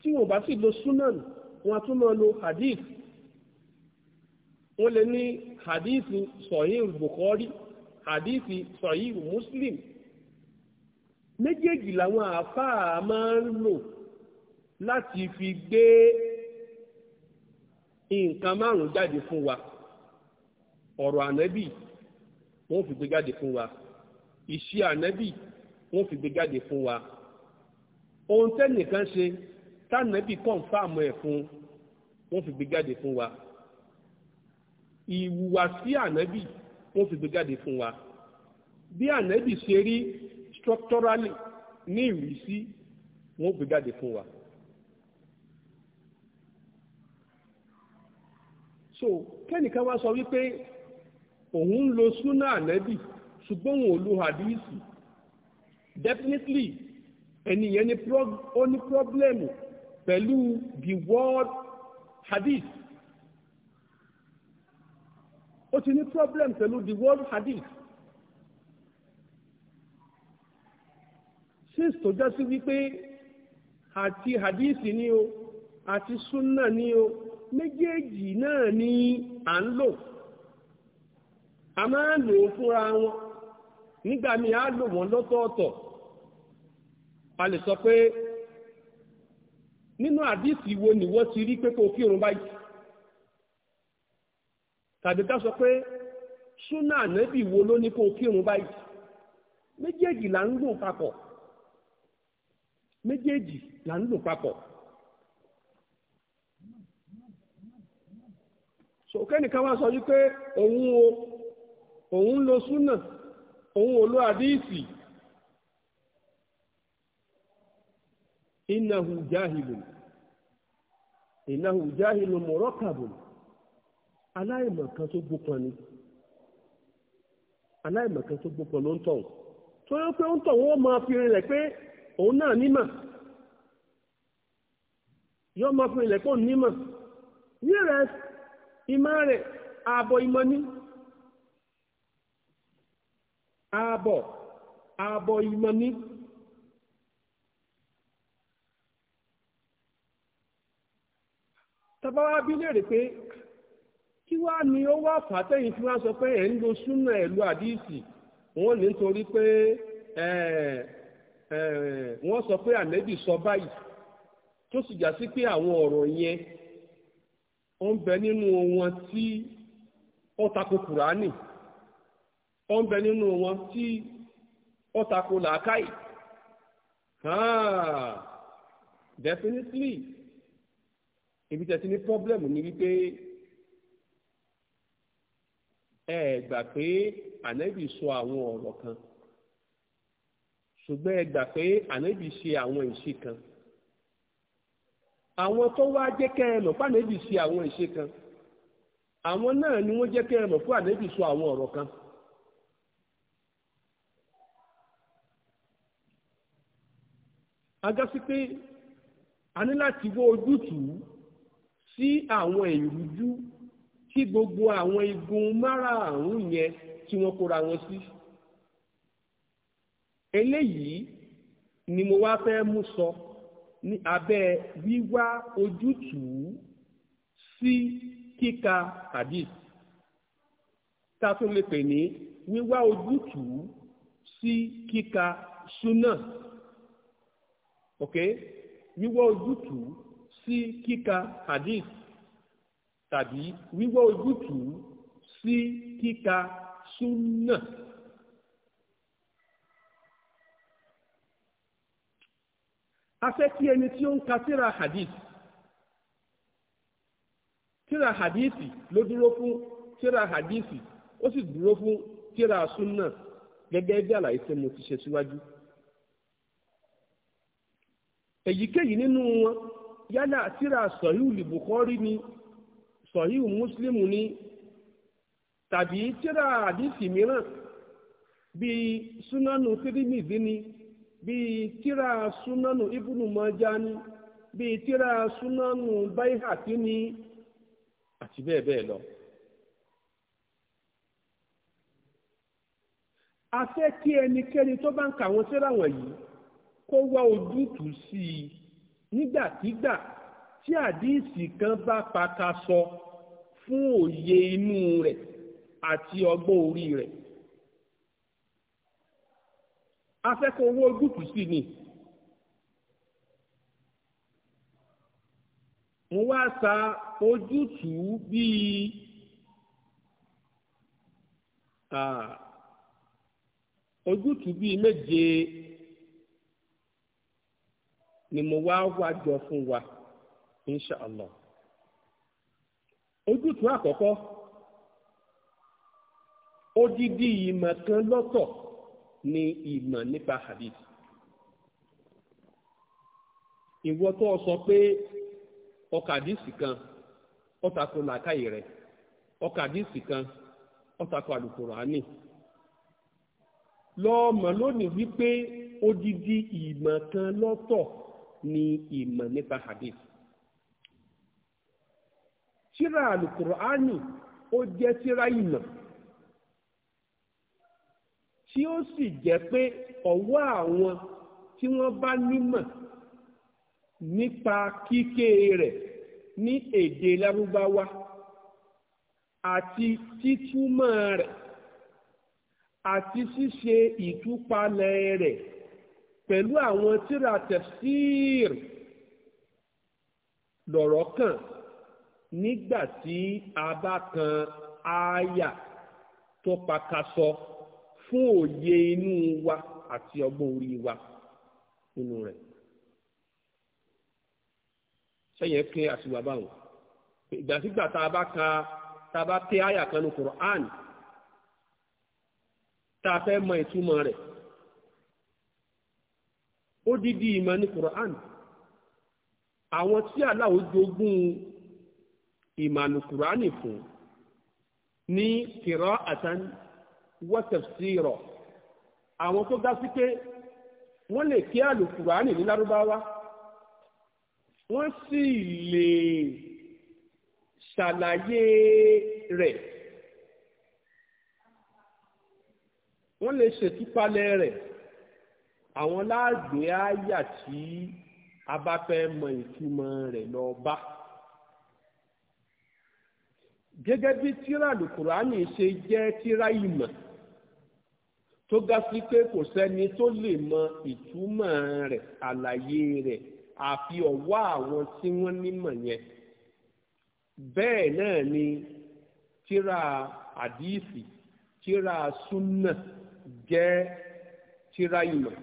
tí wọ́n bá sì lo súnánù wọ́n tún máa lo hadith wọ́n lè ní hadith sọ̀yìn bukhari hadith sọ̀yìn muslim méjèèjì làwọn àáfàá máa ń lò láti fi gbé nǹkan márùn jáde fún wa ọ̀rọ̀ ànábì wọ́n fi gbé jáde fún wa iṣẹ́ ànábì wọ́n fi gbé jáde fún wa ohun tẹ́nìkan ṣe tánàbì kọ̀ǹfàmù ẹ̀ fún wọ́n fi gbé jáde fún wa ìhùwàsí ànábì wọ́n fi gbé jáde fún wa bí ànábì ṣe rí structurally ní ìrísí wọ́n fi jáde fún wa. so kẹ́nìkan wá sọ wípé òun ń lo súnà ànẹ́bì ṣùgbọ́n òun lo hadisi definitely ẹnìyẹn ni ó ní problem pẹ̀lú the word hadith ó ti ní problem pẹ̀lú the word hadith since tó já sí wípé àti hadith ni o àti súnà ni o méjèèjì náà ni à ń lò a máa lò ó fúnra wọn nígbà míì á lò wọn lọ́tọ̀ọ̀tọ̀ a lè sọ pé nínú àdìsí wo ni wọ́n ti rí pé kó kírun báyìí tàbí ká sọ pé súnà ànábì wo ló ní kó kírun báyìí méjèèjì là ń lò papọ̀ méjèèjì là ń lò papọ̀ sọkẹ́nìkan wá sọ wípé òun o òun lo súnà òun ò lo àdíìsì innahu jahilun innahu jahilun murakkabun aláìmọ̀kan tó gbópọn ni aláìmọ̀kan tó gbópọn ló ń tọ̀ tó yẹ pé ó ń tọ̀ wọ́n máa fi rinlẹ̀ pé òun náà nímọ̀ yọ́ máa fi rinlẹ̀ pé òun nímọ̀ yẹ́rẹ̀ẹ́ ìmọ̀ rẹ̀ ààbọ̀ ìmọ̀ ààbọ̀ ààbọ̀ ìmọ̀ ní tàbáwá bí pé kí wá ni ó wá tí wọ́n sọ pé ẹ̀ ń lo súnà ẹ̀lú àdíìsì wọ́n ní nítorí pé wọ́n sọ pé ànẹ́bì sọ báyìí tó sì já sí pé àwọn ọ̀rọ̀ yẹn ó ń bẹ nínú wọn tí ó tako kùránì ó ń bẹ nínú wọn tí ó tako làákàyè definitely ibi tẹ̀sí ní problem ni wípé ẹ gbà pé ànábì sọ àwọn ọ̀rọ̀ kan ṣùgbọ́n ẹ gbà pé ànábì ṣe àwọn ìṣe kan àwọn tó wá jẹ́ kẹ́ ẹ mọ̀ fànẹ́bì sí àwọn ìṣe kan àwọn náà ni wọ́n jẹ́ kẹ́ ẹ mọ̀ fún ànẹ́bì sọ àwọn ọ̀rọ̀ kan. agasi pé a ní láti wó ojútùú sí àwọn ìrújú tí gbogbo àwọn igun márààrún yẹn tí wọ́n kóra wọn sí. eléyìí ni mo wá fẹ́ mú sọ. So ní abẹ́ wíwá ojútùú sí kíka hadith tá a tún lè pè ní wíwá ojútùú sí kíka súnà ok wíwá ojútùú sí kíka hadith tàbí wíwá ojútùú sí kíka súnà. a fẹ́ kí ẹni tí ó ń ka tíra hadith tíra hadithi ló dúró fún tíra hadithi ó sì dúró fún tíra súnà gẹ́gẹ́ bí àlàyé tí mo ti ṣe síwájú. èyíkéyìí nínú wọn yálà tíra sọ̀híù lìbùkọ́rí ni sọ̀híù mùsùlùmù ni tàbí tíra hadithi mìíràn bíi súnánù tírímìdì ni bíi tíra súnánù ibùnú mọ́já ní bíi tíra súnánù àti ní àti bẹ́ẹ̀ bẹ́ẹ̀ lọ. a fẹ́ kí ẹnikẹ́ni tó bá ń kà wọ́n síra wọ̀nyí kó wá ojútùú sí i nígbàkigbà tí àdíìsì kan bá ká sọ fún òye inú rẹ̀ àti ọgbọ́n orí rẹ̀. afẹ́kọ̀ọ́ owó gúùpù sí ni mo wá sa ojútùú bíi ojútùú bíi méje ni mo wá wájọ fún wa inṣàlá ojútùú àkọ́kọ́ odidi ìmọ̀ kan lọ́tọ̀ ní ìmọ̀ nípa hadith ìwọ tó o sọ pé ọkàdísì kan ọtakò làákàyè rẹ ọkàdísì kan ọtakò àlùkùránì lọ́ọ̀mọ̀ lónìí wípé odidi ìmọ̀ kan lọ́tọ̀ ni ìmọ̀ nípa hadith tírà àlùkùránì ó jẹ́ tírà ìmọ̀ tí ó sì jẹ́ pé ọ̀wọ́ àwọn tí wọ́n bá nímọ̀ nípa kíké rẹ̀ ní èdè lárúbáwá àti títúmọ̀ rẹ̀ àti ṣíṣe ìtúpalẹ̀ rẹ̀ pẹ̀lú àwọn tíra tẹ̀fsíìr lọ̀rọ̀ kàn nígbà tí a bá kan ááyà tó pakasọ. So fún òye inú wa àti ọgbọ́n orí wa nínú rẹ̀ sẹ́yìn pé àṣìwà báwọn ìgbàsígbà tá a bá ka tá a bá pé àyà kan ní Qur'an tá a fẹ́ mọ ìtumọ̀ rẹ̀ ó dídí ìmọ̀ ní Qur'an àwọn tí aláwo jogún ìmọ̀ ní Qur'an fún ní kìrọ́ àtàn wa tafsira àwọn tó dá sí pé wọ́n lè kí àlùkùránì ní lárúbáwá wọ́n sì lè ṣàlàyé rẹ̀ wọ́n lè ṣètúpalẹ̀ rẹ̀ àwọn láàgbé àyà tí a bá fẹ́ mọ ìtumọ̀ rẹ̀ lọ bá gẹ́gẹ́ bí tíra àlùkùránì ṣe jẹ́ tíra ìmọ̀ tó ga sí pé kò sẹ́ni tó lè mọ ìtumọ̀ rẹ̀ àlàyé rẹ̀ àfi ọ̀wọ́ àwọn tí wọ́n nímọ̀ yẹn bẹ́ẹ̀ náà ni tíra àdíìsì tíra súnà jẹ́ tíra ìmọ̀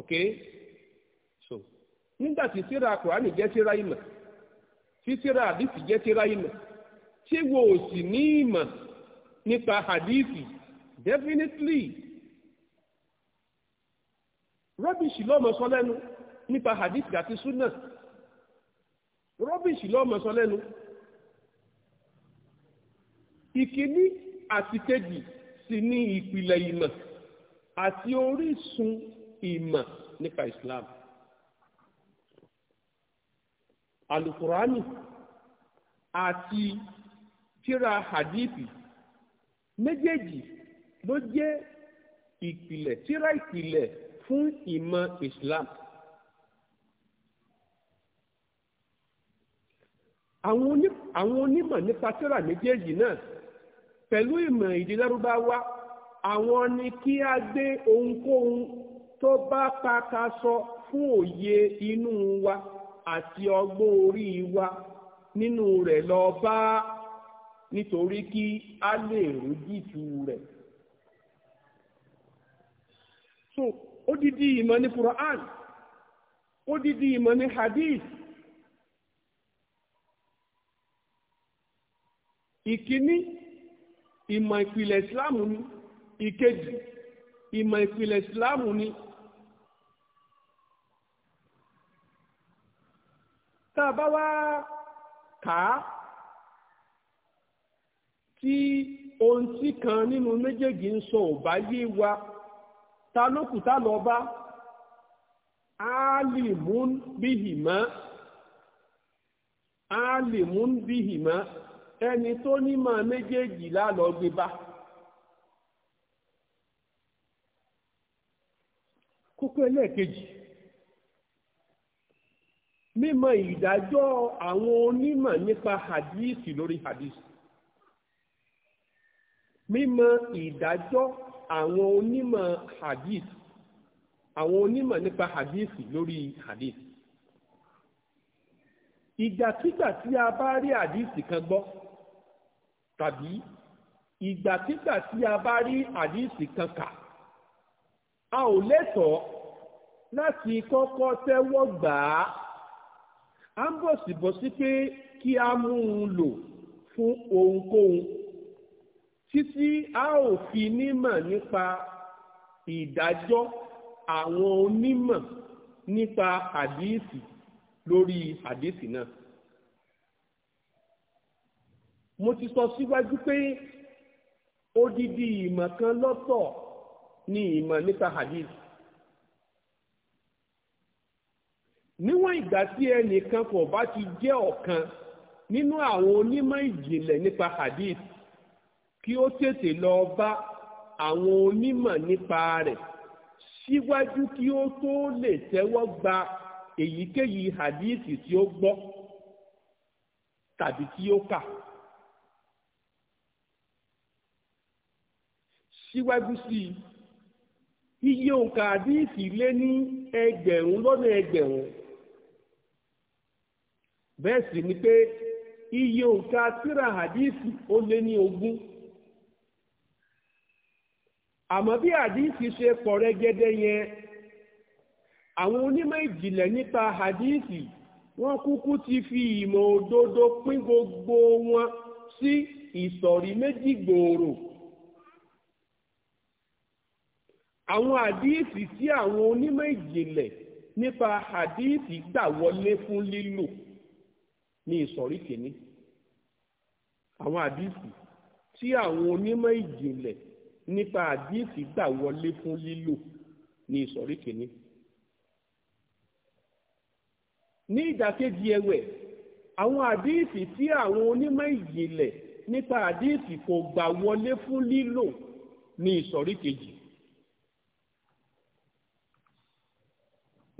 ok so nígbà tí tíra kùránì jẹ́ tíra ìmọ̀ tí tíra àdíìsì jẹ́ tíra ìmọ̀ tí wo ò sì ní ìmọ̀ nípa hadithi definitely rọ́bìṣì lọ́mọ sọ lẹ́nu nípa hadithi àti súnà rọ́bìṣì lọ́mọ sọ lẹ́nu ìkíní àti kejì sì ní ìpìlẹ̀ ìmọ̀ àti orísun ìmọ̀ nípa Islam alukurani àti tírà hadithi méjèèjì ló jẹ́ ìpìlẹ̀ tírà ìpìlẹ̀ fún ìmọ̀ Islam. àwọn onímọ̀ nípa tírà méjèèjì náà pẹ̀lú ìmọ̀ ìdí lárúbáwá àwọn ni kí a gbé ohunkóhun tó bá paka sọ fún òye inú wa àti ọgbọ́n orí wa nínú rẹ̀ lọ bá nítorí kí a lè rójìtú rẹ̀. so odidi ìmọ̀ ní Quran odidi ìmọ̀ ní hadith ìkíní ìmọ̀ ìpìlẹ̀ ìsìláàmù ni ìkejì ìmọ̀ ìpìlẹ̀ ìsìláàmù ni tá a bá wá kàá tí ohun tí kan nínú méjèèjì ń sọ ò bá yé wa ta ló kù tá lọ bá alimun bihima alimun bihima ẹni tó nímọ̀ méjèèjì lálọ gbé bá. kókó ẹlẹ́ẹ̀kejì mímọ̀ ìdájọ́ àwọn onímọ̀ nípa hadith lórí hadith. mímọ ìdájọ́ àwọn onímọ̀ hadith àwọn onímọ̀ nípa hadith lórí hadith ìgbàkígbà tí a bá rí hadith kan gbọ́ tàbí ìgbàkígbà tí a bá rí hadith kan kà a ò lẹ́tọ̀ọ́ láti kọ́kọ́ tẹ́wọ́ gbà á a ń bọ̀ síbọ̀ sí pé kí a mú un lò fún ohunkóhun títí a ò fi nímọ̀ nípa ìdájọ́ àwọn onímọ̀ nípa àdíìsì lórí àdíìsì náà. mo ti sọ síwájú pé odidi ìmọ̀ kan lọ́tọ̀ ni ìmọ̀ nípa àdíìsì. níwọ̀n ìgbà tí ẹnìkan kò bá ti jẹ́ ọ̀kan nínú àwọn onímọ̀ ìjìnlẹ̀ nípa àdíìsì kí ó tètè lọ bá àwọn onímọ̀ nípa rẹ̀ síwájú kí ó tó lè tẹ́wọ́ gba èyíkéyìí hadithi tí ó gbọ́ tàbí tí ó kà. síwájú sí i iye òǹkà hadithi lé ní ẹgbẹ̀rún lọ́nà ẹgbẹ̀rún bẹ́ẹ̀ sì ni pé iye òǹkà tírà hadithi ó lé ní ogún àmọ́ bí àdíìsì ṣe pọ̀ rẹ́gẹ́dẹ́ yẹn àwọn onímọ̀ ìjìnlẹ̀ nípa àdíìsì wọ́n kúkú ti fi ìmọ̀ òdodo pín gbogbo wọn sí ìsọ̀rí méjì gbòòrò àwọn àdíìsì tí àwọn onímọ̀ ìjìnlẹ̀ nípa àdíìsì gbà wọlé fún lílò ní ìsọ̀rí kìíní àwọn àdíìsì tí àwọn onímọ̀ ìjìnlẹ̀ nípa àdíyèsí gbà wọlé fún lílò ní ìsọ̀rí kìíní. ní ìdàkejì ẹ̀wẹ̀ àwọn àdíyèsí tí àwọn onímọ̀ ìjìnlẹ̀ nípa àdíyèsí kò gbà wọlé fún lílò ní ìsọ̀rí kejì.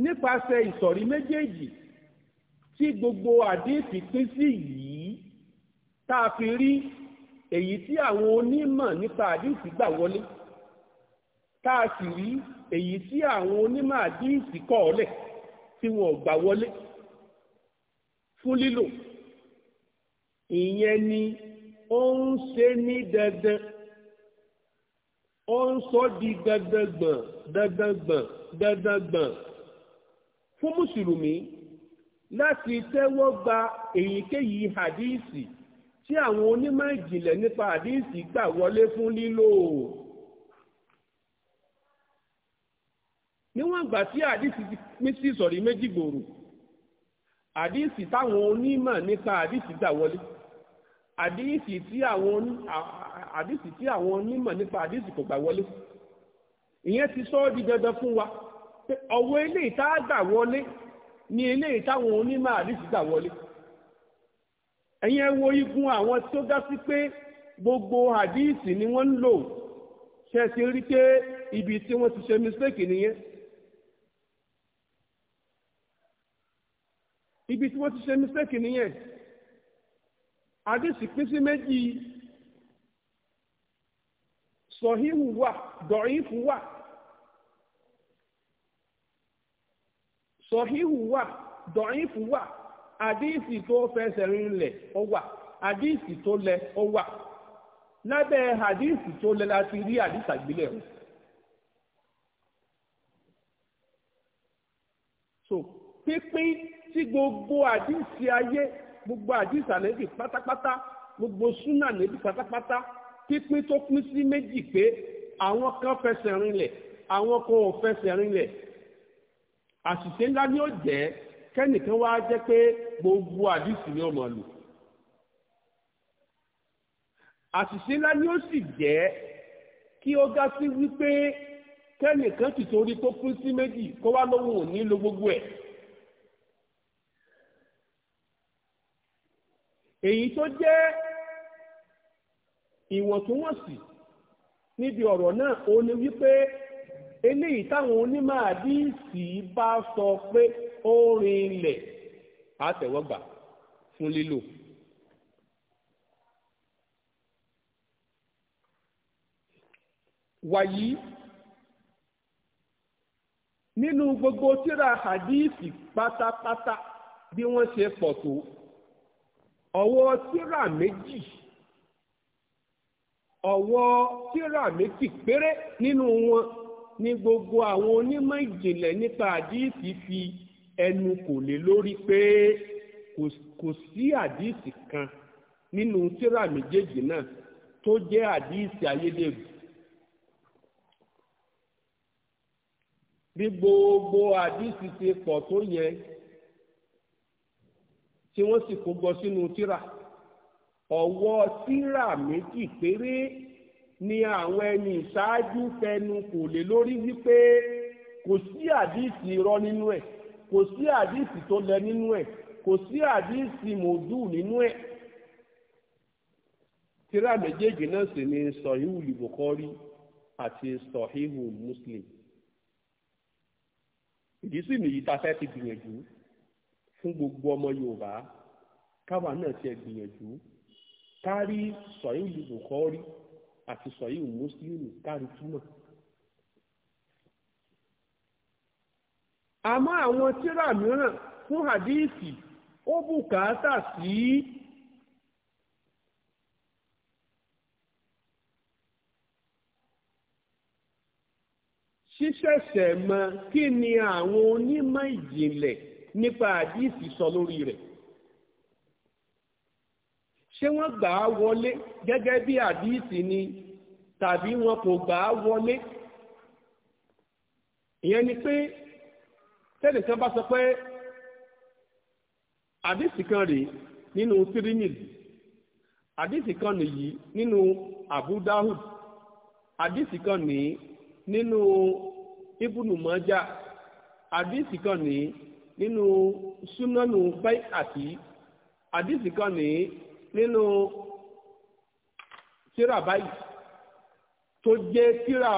nípasẹ̀ ìsọ̀rí méjèèjì tí gbogbo àdíyèsí pín sí yìí tá a fi rí èyí tí àwọn onímọ̀ nípa àdìsí gbà wọlé tá a sì rí èyí tí àwọn onímọ̀ àdìsí kọ̀ ọ́lẹ̀ tí wọn ò gbà wọlé fún lílò ìyẹn ni ó ń ṣe ní dandan ó ń sọ di dandangbọ̀n dandangbọ̀n dandangbọ̀n fún mùsùlùmí láti tẹ́wọ́ gba èyíkéyìí hadíìsì tí àwọn onímọ̀ ìjìnlẹ̀ nípa àdíìsì gbà wọlé fún lílò níwọ̀n ìgbà tí àdíìsì ti pín sí ìsọ̀rí méjì gbòòrò àdíìsì táwọn onímọ̀ nípa àdíìsì gbà wọlé àdíìsì tí àwọn àdíìsì tí àwọn onímọ̀ nípa àdíìsì kò gbà wọlé ìyẹn ti sọ ọ́ di dandan fún wa pé ọ̀wọ́ eléyìí tá a gbà wọlé ni eléyìí táwọn onímọ̀ àdíìsì gbà wọlé ẹ̀yin ẹ wo igun àwọn tó dá sí pé gbogbo hadisi ni wọ́n ń lò ṣe ti rí pé ibi tí wọ́n ti ṣe mistake nìyẹn. ibi tí wọ́n ti ṣe mistake nìyẹn hadisi pín sí méjì sọ̀híhù wà dọ̀ífù wà sọ̀híhù wà dọ̀ífù wà àdíìsì tó fẹsẹ̀ rinlẹ̀ ó wà àdíìsì tó lẹ ó wà lábẹ́ àdíìsì tó lẹ láti rí àdíìsì àgbélẹ̀ o. so pínpín tí gbogbo àdíìsì ayé gbogbo àdíìsì àlẹ́bí pátápátá gbogbo súnà àlẹ́bí pátápátá pínpín tó pín sí méjì pé àwọn kan fẹsẹ̀ rinlẹ̀ àwọn kan ò fẹsẹ̀ rinlẹ̀ àṣìṣe ńlá ni ó jẹ́ kẹ́nìkan wá jẹ́ pé gbogbo àdìsí ni ó mọ̀ lò àṣìṣe ńlá ni ó sì jẹ́ kí ó gá sí wípé kẹ́nìkan ti torí tó pín sí méjì kó wá lóhùn òní lo gbogbo ẹ̀. èyí tó jẹ́ ìwọ̀ntúnwọ̀nsì níbi ọ̀rọ̀ náà ó ní wípé eléyìí táwọn onímọ̀ àdìsí bá sọ pé ó rin ilẹ̀ àtẹ̀wọ́gbà fún lílò. wàyí nínú gbogbo tíra hadithi pátápátá bí wọ́n ṣe pọ̀ tó ọ̀wọ́ tíra méjì ọ̀wọ́ tíra méjì péré nínú wọn ni gbogbo àwọn onímọ̀ ìjìnlẹ̀ nípa hadithi fi ẹnu kò lè lórí pé kò sí àdíìsì kan nínú tírà méjèèjì náà tó jẹ́ àdíìsì ayédèrú bí gbogbo àdíìsì ti pọ̀ tó yẹn tí wọ́n sì kó gbọ́ sínú tírà ọ̀wọ́ tírà méjì péré ni àwọn ẹni ìṣáájú fẹnu kò lè lórí wípé kò sí àdíìsì irọ́ nínú ẹ̀. E kò sí àdíìsì tó lẹ nínú ẹ̀ kò sí àdíìsì mòdù nínú ẹ̀ tíra méjèèjì náà sì ni sọ̀híhù lìbòkọ́rí àti sọ̀híhù muslim ìdí sì nìyí tá a fẹ́ ti gbìyànjú fún gbogbo ọmọ yorùbá káwa náà ti gbìyànjú kárí sọ̀híhù lìbòkọ́rí àti sọ̀híhù muslim kárí túmọ̀. àmọ́ àwọn tírà mìíràn fún hadithi ó bùkátà sí ṣíṣẹ̀ṣẹ̀ mọ̀ kí ni àwọn onímọ̀ ìjìnlẹ̀ nípa hadithi sọ lórí rẹ̀ ṣé wọ́n gbà á wọlé gẹ́gẹ́ bí hadithi ni tàbí wọn kò gbà á wọlé ìyẹn ni pé tẹ́nìkan bá sọ pé àdìsí kan rèé nínú tírímìlì àdìsí kan nìyí nínú àbúdáhùd àdìsí kan nìyí nínú ibùnú mọ́jà àdìsí kan nìyí nínú súnánù báyìí àti àdìsí kan nìyí nínú tíra báyìí tó jẹ́ tíra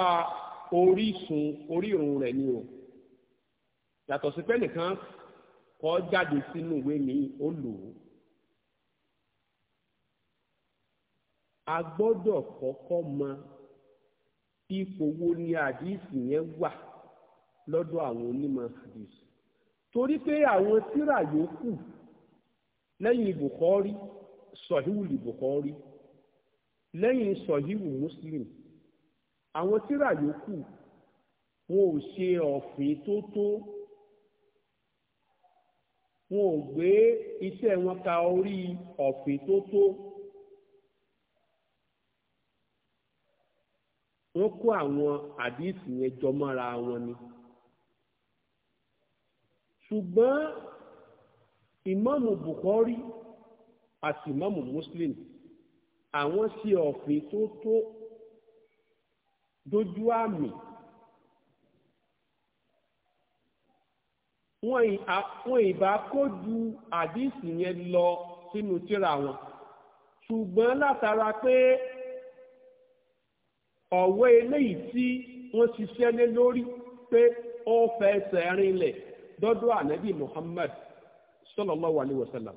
orísun orírun rẹ̀ ni o yàtọ̀ sí pé nìkan kọ́ jáde sínú ìwé mi ó lò ó. a gbọ́dọ̀ kọ́kọ́ mọ ipò wo ni àdìsí yẹn wà lọ́dọ̀ àwọn onímọ̀ àdìsí torí pé àwọn tírà yòókù lẹ́yìn Bukhari sọ̀híwù lì Bukhari lẹ́yìn sọ̀híwù Muslim àwọn tírà yòókù wọn ò ṣe ọ̀fìn tó tó wọn ò gbé iṣẹ́ wọn ka orí ọ̀fìn tó tó wọ́n kó àwọn àdíìsì yẹn jọ mọ́ra wọn ni ṣùgbọ́n ìmáàmù Bukhari àti ìmáàmù Muslim àwọn ṣe ọ̀fìn tó tó dójú àmì. wọn ìbá kó ju àdíìsì yẹn lọ sínú tírà wọn ṣùgbọ́n látara pé ọ̀wọ́ eléyìí tí wọ́n ṣiṣẹ́ lé lórí pé ó fẹsẹ̀ rinlẹ̀ dọ́dọ̀ ànábì Muhammad sallallahu alaihi wasallam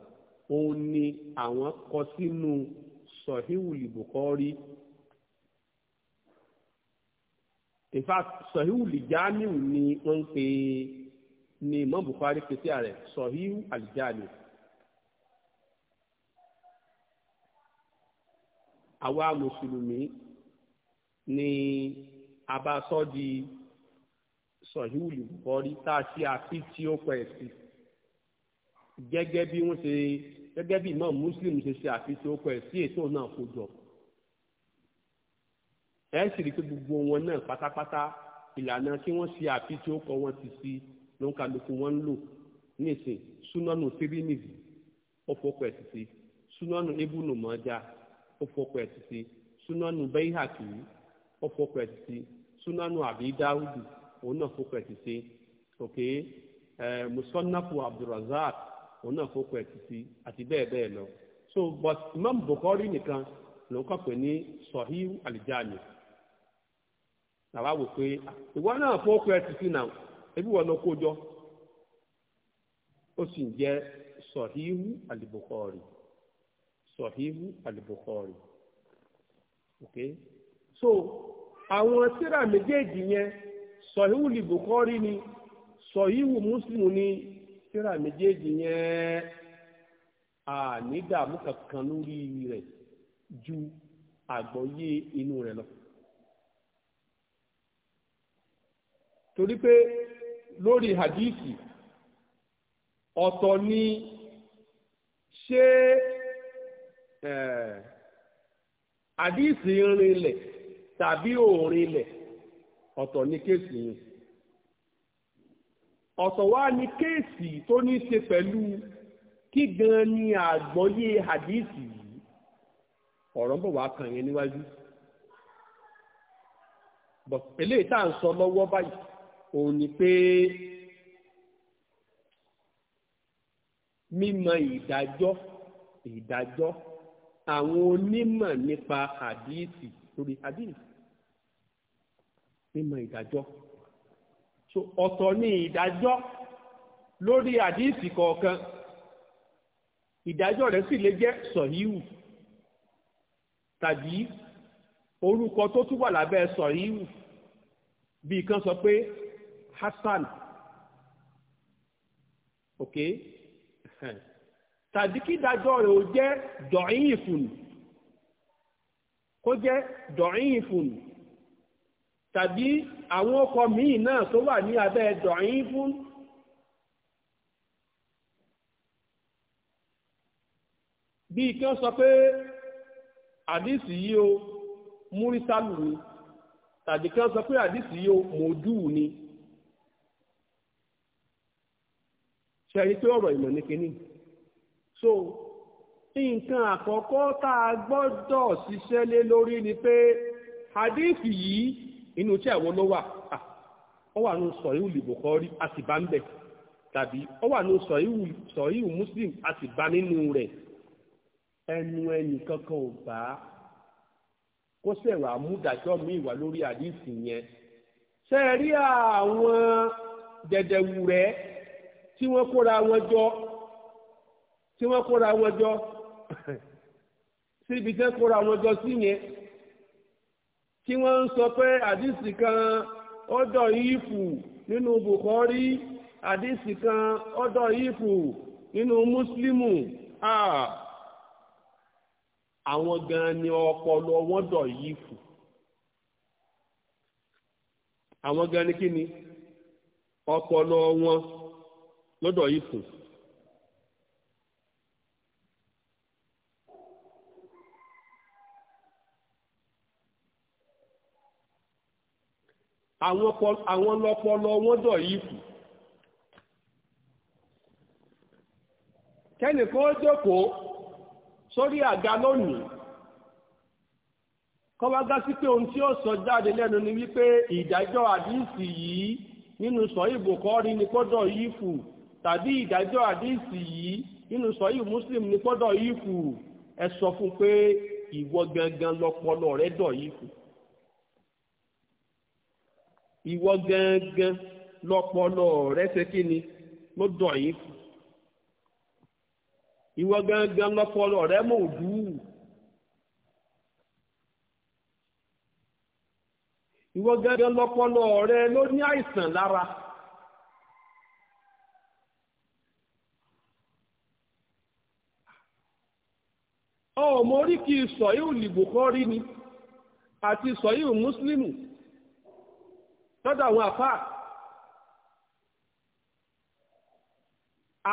òun ni àwọn kọ sínú sọ̀híwùlì Bukhari in fact sọ̀híwùlì jáníù ni wọ́n ń pè é ni Imam Bukhari pèsè ààrẹ Sahih al-Jami. àwa mùsùlùmí ni a bá sọ di Sahih al-Bukhari tá a ṣe àfi tí ó pẹ̀ sí gẹ́gẹ́ bí wọ́n ṣe gẹ́gẹ́ bí Imam Muslim ṣe ṣe àfi tí ó pẹ̀ sí ètò náà kó jọ ẹ sì rí i pé gbogbo wọn náà pátápátá ìlànà tí wọ́n ṣe àfi tí ó kọ wọn ti sí i ló ń kálukú wọn ń lò nísìn súnánù tírímìzì ó fọkọ ẹ̀ sí súnánù ibùnù mọ́jà ó fọkọ ẹ̀ sí súnánù bẹ́hàkì ó fọkọ ẹ̀ sí súnánù àbí dáúdù òun náà fọkọ ẹ̀ sí ok musonnafu abdulrazak òun náà fọkọ ẹ̀ sí àti bẹ́ẹ̀ bẹ́ẹ̀ lọ so but imam bukhari nìkan ló ń kọ́ pé ní sọ̀híù àlìjáàmì làwa wò pé ah, ìwọ náà fọkọ ẹ̀ sí náà ebi wọ́n lọ kójọ ó sì ń jẹ́ sọ̀híhù àlìbùkọ́rì sọ̀híhù ok so àwọn síra méjèèjì yẹn sọ̀híhù àlìbùkọ́rì ni sọ̀híhù mùsùlùmù ni síra méjèèjì yẹn ànídààmú kankan lórí rẹ̀ ju àgbọ́yé inú rẹ̀ lọ. torí pé lórí hadithi ọ̀tọ̀ ni ṣé hadithi rinlẹ̀ tàbí òrinlẹ̀ ọ̀tọ̀ ni kéèsì yìí ọ̀tọ̀ wá ní kéèsì tó ní ṣe pẹ̀lú kí gan ni àgbọ́yé hadithi yìí ọ̀rọ̀ ń bọ̀ wá kàn yẹn níwájú eléyìí tá à ń sọ lọ́wọ́ báyìí òun ni pé mímọ ìdájọ́ ìdájọ́ àwọn onímọ̀ nípa àdíìsì lórí àdíìsì mímọ ìdájọ́ so ọ̀tọ̀ ni ìdájọ́ lórí àdíìsì kọ̀ọ̀kan ìdájọ́ rẹ̀ sì lè jẹ́ sọ̀híwù tàbí orúkọ tó tún wà lábẹ́ sọ̀híwù bí kan sọ pé hasan ok tàbí kí ìdájọ́ rẹ̀ ó jẹ́ dọ̀yìnfùn kó jẹ́ dọ̀yìnfùn tàbí àwọn ọkọ̀ míì náà tó wà ní abẹ́ dọ̀yìnfùn bíi kí wọ́n sọ pé àdìsí yìí múrísàlù ni tàbí kí wọ́n sọ pé àdìsí yìí ó ni. ṣẹ̀rí pé ọ̀rọ̀ ìmọ̀ ní kínní so nǹkan àkọ́kọ́ tá a gbọ́dọ̀ ṣiṣẹ́ lé lórí ni pé hadithi yìí inú tí àwọn ló wà ó wà nù sọ̀yìn a àti bá ń bẹ̀ tàbí ó wà nù sọ̀yìn muslim àti bá nínú rẹ̀ ẹnu ẹnì kankan ò bá kó sẹ̀rọ àmúdájọ́ míì wá lórí yẹn ṣe rí àwọn dẹ̀dẹ̀wù rẹ̀ tí wọ́n kóra wọn jọ tí wọ́n kóra wọn jọ síbi tẹ́ kóra wọn jọ sí yẹn tí wọ́n ń sọ pé àdìsí kan ọ̀dọ̀ ìfù nínú Bukhari àdìsí kan ọ̀dọ̀ ìfù nínú Muslimu àwọn gan ni ọpọlọ wọn dọ̀ ìfù àwọn gan ni kí ni ọpọlọ wọn. lọ́dọ̀ ifò àwọn lọpọlọ wọn dọ̀ ifò kẹ́nìkan ó jókòó sórí àga lónìí kọ́ bá sí pé ohun tí ó sọ jáde lẹ́nu ni wípé ìdájọ́ àdíìsì yìí nínú sọ ìbò kọ́ rí ní kọ́dọ̀ yìí tàbí ìdájọ́ àdíìsì yìí nínú sọ́yì muslim ní pọ́dọ̀ yìí kù ẹ sọ fún pé ìwọ gangan lọpọlọ rẹ dọ̀ yìí kù ìwọ gangan lọpọlọ rẹ ṣe kí ni ló dọ̀ yìí kù ìwọ gangan lọpọlọ rẹ mọ̀ òdúù. ìwọ gangan lọpọlọ rẹ ló ní àìsàn lára. ọmọ orí kí sọ̀yìn olùbùkọ́rí ni àti sọ̀yìn mùsùlùmù lọ́dọ̀ àwọn àfáà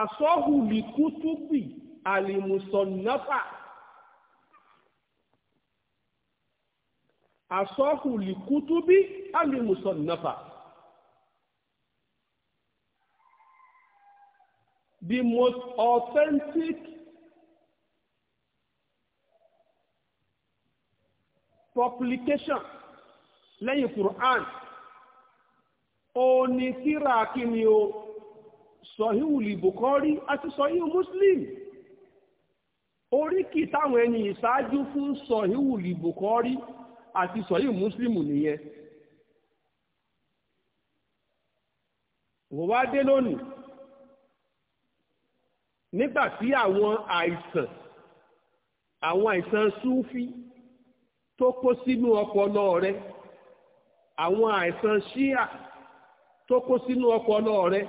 àsọ́hùlìkútùbì àlìmùsọ̀nàfà àsọ́hùlìkútùbì àlìmùsọ̀nàfà the most authentic publication lẹ́yìn Quran òní síra kí ni o sọ̀híwùlì Bukhari àti sọ̀híwù Muslim oríkì táwọn ẹni ìṣáájú fún sọ̀híwùlì Bukhari àti sọ̀híwù Muslim nìyẹn wọ́n wá dé lónìí nígbà tí àwọn àìsàn àwọn àìsàn súfí tó kó sínú ọpọlọ rẹ àwọn àìsàn ṣíà tó kó sínú ọpọlọ rẹ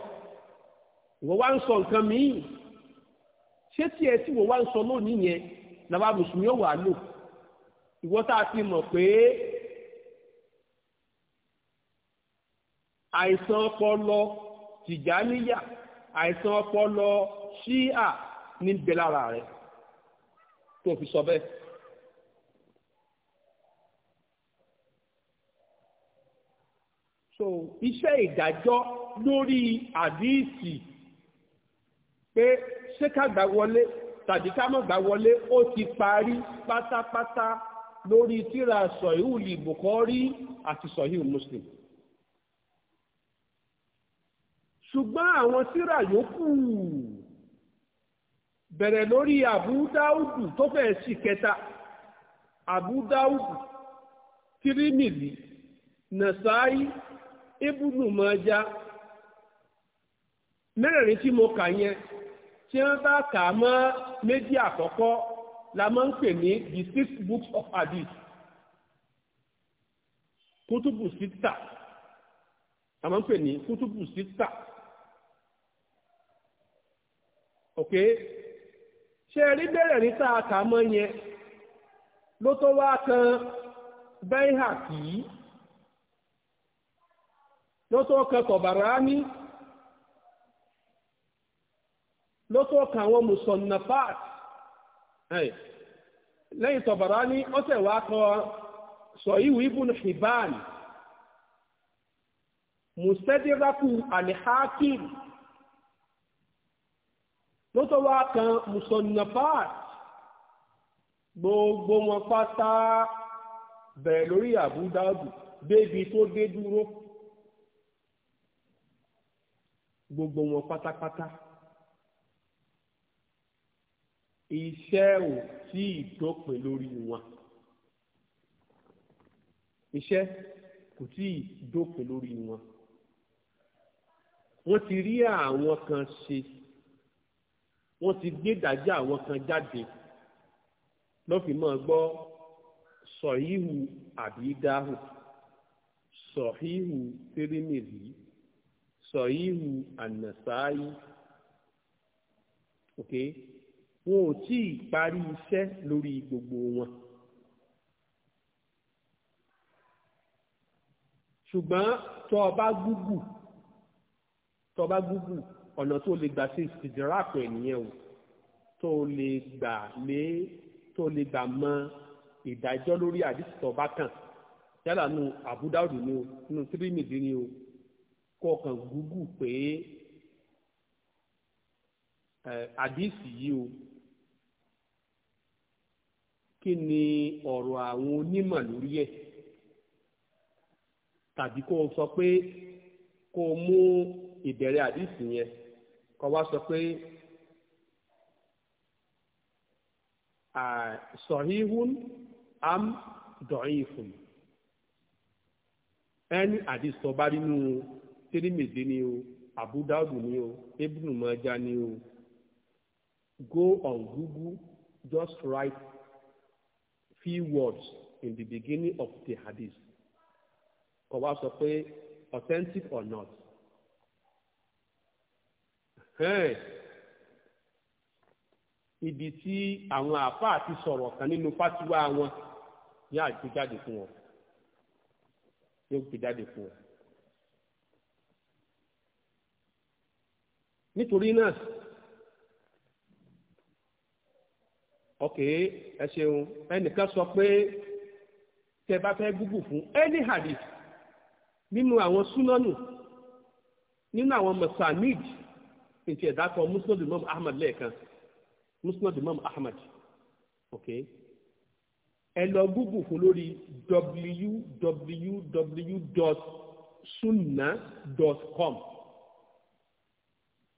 wọ́n wá ń sọ nǹkan míì ṣé tí ẹ tí wọ́n wá ń sọ lónìí yẹn làwa mùsùlùmí ò wà lò ìwọ tá a ti mọ̀ pé àìsàn ọpọlọ tìjáníyà àìsàn ọpọlọ ṣíà ní bẹ lára rẹ tó fi sọ bẹ́ẹ̀. so iṣẹ́ ìdájọ́ lórí àdíìsì pé ṣé ká gbà wọlé tàbí ká má gbà wọlé ó ti parí pátápátá lórí tíra sọ̀híù lì Bukhari àti sọ̀híù Muslim ṣùgbọ́n àwọn tíra yòókù bẹ̀rẹ̀ lórí Abu Dáúdù tó fẹ́ sí kẹta Abu Dáúdù Tírímìlì Nàṣáì ibùdó mọ́já mẹ́rẹ̀ẹ̀rin tí mo kà yẹn tí wọ́n bá kà á mọ́ méjì àkọ́kọ́ la máa ń pè ní the six books of hadith kútùbù sítà la máa ń pè ní kútùbù sítà ok ṣe rí bẹ̀rẹ̀ ní tá a kà á mọ́ yẹn ló tó wá kan bẹ́ẹ̀ hà kìí ló tó kan Tabarani ló tó kan àwọn musannafat lẹ́yìn Tabarani ó sì wá kọ Sahih Ibn Hibban mùsẹ́dẹ́rákù al-Hakim ló tó wá kan musannafat gbogbo wọn pátá bẹ̀rẹ̀ lórí àbúdáàbù débi tó dé dúró gbogbo wọn pátápátá iṣẹ́ ò tí ì dópin lórí wọn iṣẹ́ kò tí ì dópin lórí wọn wọ́n ti rí àwọn kan ṣe wọ́n ti gbé ìdájọ́ àwọn kan jáde lọ́fìmọ́ gbọ́ sọ̀híhù àbí dáhùn sọ̀híhù tírímìrì sọ̀yíhù ànàsáyí ok wọn ò tí ì parí iṣẹ́ lórí gbogbo wọn ṣùgbọ́n tó o bá gúgù tó o bá gúgù ọ̀nà tó lè gbà sí ìsìdìrápù ènìyàn o tó lè gbà lé tó lè gbà mọ ìdájọ́ lórí àdìsí tó yálà nu àbúdáwùdù ni o nu tírímìdì ni o kọkàn gúgù pé àdìsí yìí o kí ni ọ̀rọ̀ àwọn onímọ̀ lórí ẹ̀ tàbí kó o sọ pé kó o mú ìbẹ̀rẹ̀ àdìsí yẹn kó wá sọ pé sọ̀híhún am dọ̀yìn fún ẹni àdìsí tó bá nínú. tirimidi ni o abudabu ni o ibnu maja ni o go on google just write few words in the beginning of the hadith kò wá sọ pé authentic or not hey. ibi tí àwọn àáfàá ti sọ̀rọ̀ kan nínú fásiwá wọn ní àgbéjáde fún wọn yóò gbé jáde fún wọn. nítorí náà ok ẹ ṣeun ẹnìkan sọ pé tẹ bá fẹ́ gúgù fún any hadith nínú àwọn súnánù nínú àwọn masamid nti ẹ̀dá kan musnad imam ahmad lẹ́ẹ̀kan musnad imam ahmad ok ẹ lọ gúgù fún lórí www dot sunna dot com.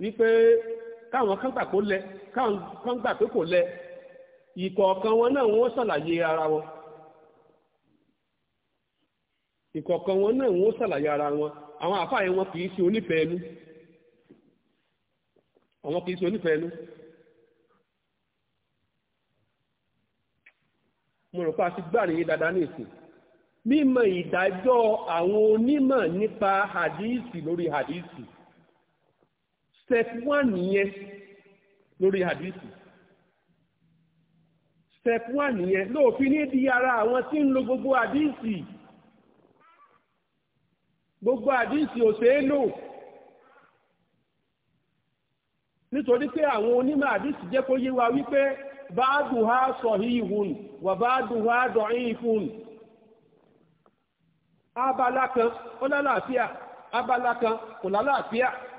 wípé káwọn kan gbà kó lẹ gbà pé kò lẹ ìkọ̀ọ̀kan wọn náà wọ́n ṣàlàyé ara wọn ìkọ̀ọ̀kan ara wọn àwọn àfáà yẹn wọn kì í ṣe onífẹ̀ẹ́nu àwọn kì í ṣe mo rò pé a ti gbà nìyí dáadáa ní ìsìn mímọ̀ àwọn onímọ̀ nípa lórí step one nìyẹn lórí hadisi step one nìyẹn lóòfin ní di ara àwọn tí ń lo gbogbo hadisi gbogbo hadisi ò ṣeé lò nítorí pé àwọn onímọ̀ hadisi jẹ́ kó yé wa wípé báàdù ha sọ̀híhùn wà báàdù ha dọ̀ífùn abala kan ó lálàáfíà abala kan kò lálàáfíà. La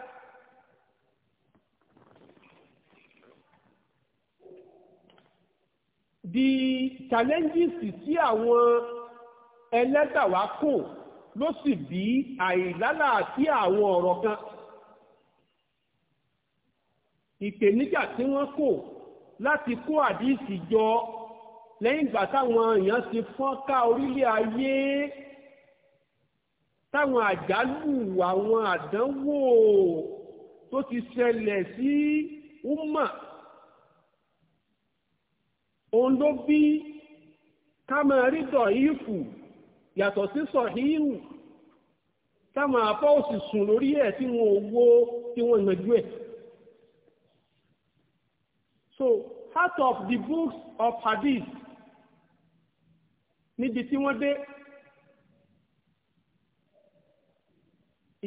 the challenges tí àwọn ẹlẹ́dàwá kò ló sì bí àìlálàáfíà àwọn ọ̀rọ̀ kan ìpèníjà tí wọ́n kò láti kó àdíìsì jọ lẹ́yìn ìgbà táwọn èèyàn ti fọ́n ká orílẹ̀ ayé táwọn àjálù àwọn àdánwò tó ti ṣẹlẹ̀ sí umma òun ló bí kámọ̀ rí dọ̀ífù yàtọ̀ sí sọ̀híhù táwọn àpá òsì sùn lórí ẹ̀ tí wọ́n owó tí wọ́n yanjú ẹ̀ so out of the books of hadith níbi tí wọ́n dé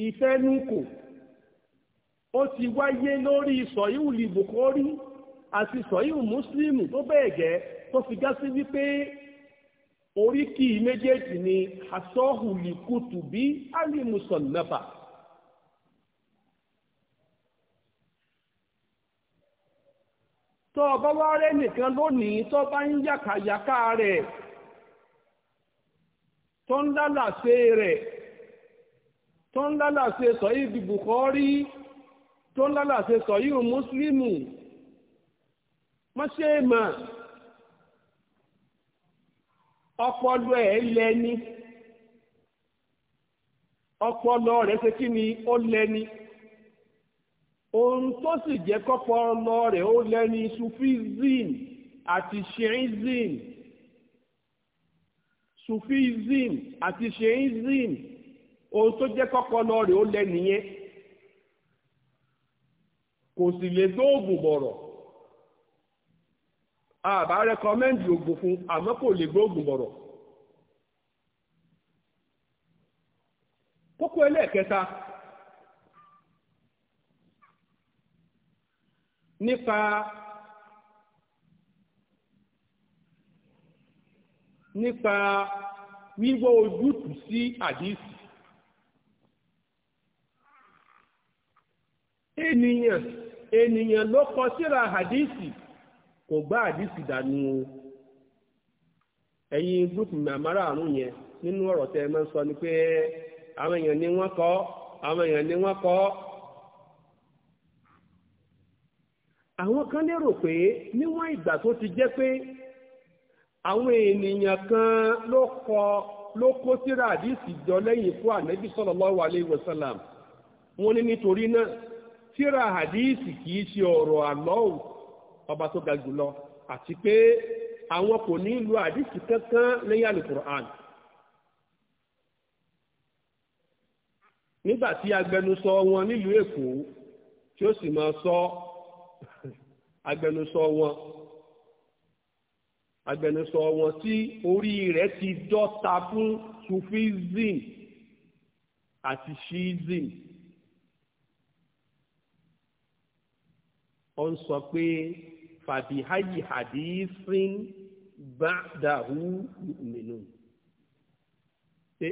ìfẹ́nukò ó ti wáyé lórí sọ̀híhù lìbùkọ́rí. So, àti sọ̀yìn mùsùlùmù tó bẹ́ẹ̀ gẹ́ tó fi já sí wípé oríkì méjèèjì ni asọ́hùlìkùtù bí alimusan mẹ́fà. tó ọba wá rẹ nìkan lónìí tó bá ń yàkàyàkà rẹ̀ tó ń lálàsé rẹ̀ tó ń lálàsé sọ̀yìn bìbùkọ́ ń wọ́n ṣe é mọ̀ ọpọlọ ẹ̀ lẹ́ni ọpọlọ rẹ̀ ṣe kí ni ó lẹ́ni ohun tó sì jẹ́ kọ́pọlọ rẹ̀ ó lẹ́ni sufizin àti sheizin sufizin àti sheizin ohun tó jẹ́ kọ́pọlọ rẹ̀ ó lẹ́ni yẹn kò sì lè dóògùn bọ̀rọ̀ àbá rẹkọmẹ́ndì ògùn fún àmọ́ kò lè gbóògùn bọ̀rọ̀ kókó ẹlẹ́ẹ̀kẹta nípa nípa wíwọ́ ojútùú sí àdísì ènìyàn ènìyàn ló kọ síra àdísì kò gbá àdìsí dànù o ẹ̀yin gúrúùpù àrùn yẹn nínú ọ̀rọ̀ tẹ ẹ máa ń sọ ni pé àwọn èèyàn ni wọn kọ. àwọn èèyàn ni wọn kọ. àwọn kan lérò pé níwọ̀n ìgbà tó ti jẹ́ pé àwọn kan ló kọ ló kó síra àdìsí jọ lẹ́yìn fún ànábì sallallahu alaihi wasallam wọ́n nítorí náà síra àdìsí kì ọba tó ga jùlọ àti pé àwọn kò ní lu àdìsí kankan lẹ́yìn alukur'an nígbà tí agbẹnusọ wọn nílùú èkó tí ó sì máa sọ agbẹnusọ wọn agbẹnusọ wọn tí orí rẹ̀ ti dọ́ta fún sufism àti shiism ó ń sọ pé fàbí hayi hadithin ba'dahu yu'minun.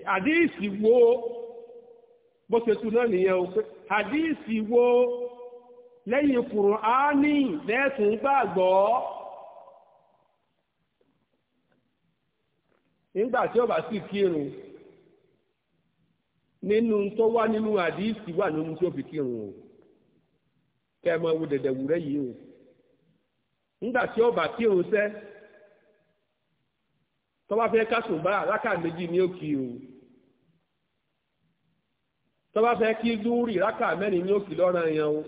hadisi wo bó ṣe tún náà nìyẹn o pé hadisi wo lẹ́yìn kùránì lẹ́sùn gbàgbọ́. nígbà tí ó bá sì kírun nínú tó wá nínú hadisi wà nínú tó fi kírun o kẹ́ ẹ máa dẹ̀dẹ̀wù rẹ̀ yìí o nígbà tí ọba tí òun sẹ́ tọ́ba fẹ́ kásùbá rákà méjì ní òkì o tọ́ba fẹ́ kí lúrì rákà mẹ́rin ní òkì lọ́ràn yẹn o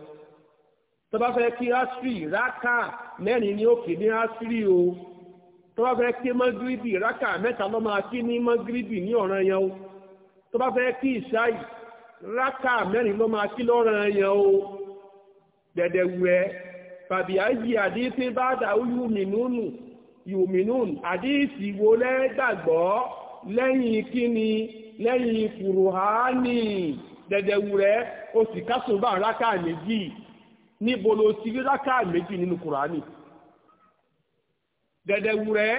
tọ́ba fẹ́ kí asiri rákà mẹ́rin ní òkì ní asiri o tọ́ba fẹ́ kí mọ́gíríbì rákà mẹ́ta lọ́mọ akí ní mọ́gíríbì ní ọ̀ràn yẹn o tọ́ba fẹ́ kí ìṣáì rákà mẹ́rin lọ́mọ akí lọ́ràn yẹn o dẹ̀dẹ̀ wù ẹ́ fàbí ayé àdífín bá dàú yùmínúnù yùmínún àdífì wo lẹ́gbàgbọ́ lẹ́yìn kíni lẹ́yìn kùrùhánì dẹ̀dẹ̀wùrẹ́ o sì kásùn bá rákà méjì níbo lo ti rí rákà méjì nínú kùrùhánì dẹ̀dẹ̀wùrẹ́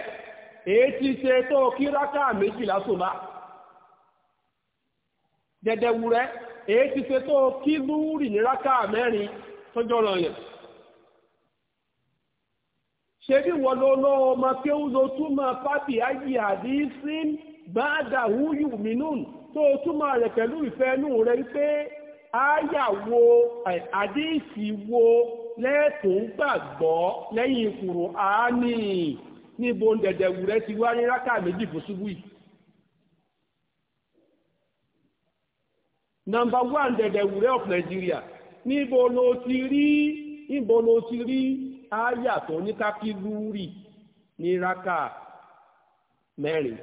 èyí ti ṣe tó kí rákà méjì lásùn bá dẹ̀dẹ̀wùrẹ́ èyí ti ṣe tó kí lúúrì ní rákà mẹ́rin tọ́jọ́ rọ̀ yẹn ṣebí wọn lọ lọ ọmọ kí ó lo túmọ̀ fábì ayé àdísí gbáàdà húyù mínún tó túmọ̀ rẹ̀ pẹ̀lú ìfẹ́ inú rẹ̀ wípé áyàwó àdísí wo lẹ́ẹ̀tún gbàgbọ́ lẹ́yìn ìkùrò àání níbo dẹ̀dẹ̀wù ti wá ní rákà méjì nọmba dẹ̀dẹ̀wù níbo ááyà tó ní kákílúrì ní rákà mẹ́rin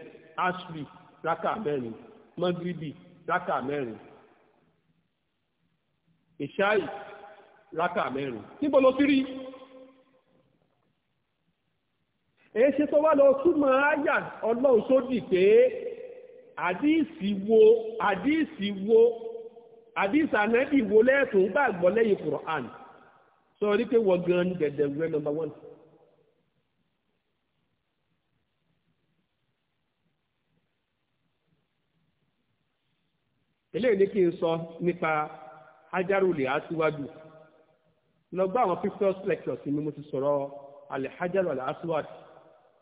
ashri rákà mẹ́rin mọ́gíríbì rákà mẹ́rin ìṣáì rákà mẹ́rin níbo ló ti rí èyí ṣe tó wá lọ túmọ̀ ááyà ọlọ́run sódì pé àdíìsì wo àdíìsì wo àdíìsì ànábì wo lẹ́ẹ̀tún gbàgbọ́ lẹ́yìn Kùránì sọ rí pé wọ́n gan ni dẹ̀dẹ̀ wẹ́ nọmba wọ́n. eléyìí ni kí n sọ nípa hajarule aṣíwájú lọ gbọ́ àwọn previous lectures mi mo ti sọ̀rọ̀ alẹ́ hajarule aṣíwájú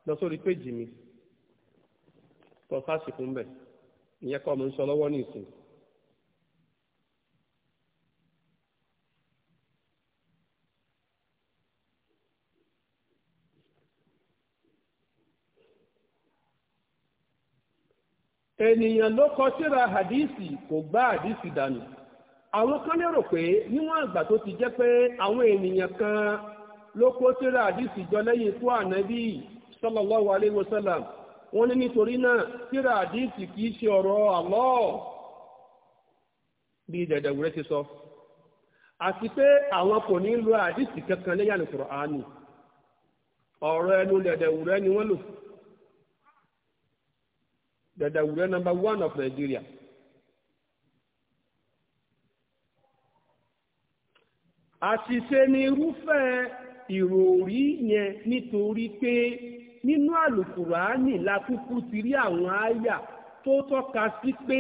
lọ sórí péjì mi tọ́sásìkú ń bẹ̀ ìyẹn kọ́ mo ń sọ lọ́wọ́ ní ìsìn. ènìyàn ló kọ síra hadisi kò gbá hadisi dànù àwọn kan lérò pé níwọ̀n àgbà tó ti jẹ́ pé àwọn ènìyàn kan ló kó síra hadisi jọ lẹ́yìn ikú ànábì sallallahu alayhi wa sallam wọ́n ní nítorí náà síra hadisi kì í ṣe ọ̀rọ̀ Allah bí dẹ̀dẹ̀wúrẹ́ ti sọ àti pé àwọn kò ní lo hadisi kankan lẹ́yìn Al-Qur'ani ọ̀rọ̀ ẹnu dẹ̀dẹ̀wúrẹ́ ni wọ́n lò fún that they were number one of Nigeria. àṣìṣe ni irúfẹ́ ìròrí yẹn nítorí pé nínú àlùkùránì la kúkú ti rí àwọn àyà tó tọ́ka sí pé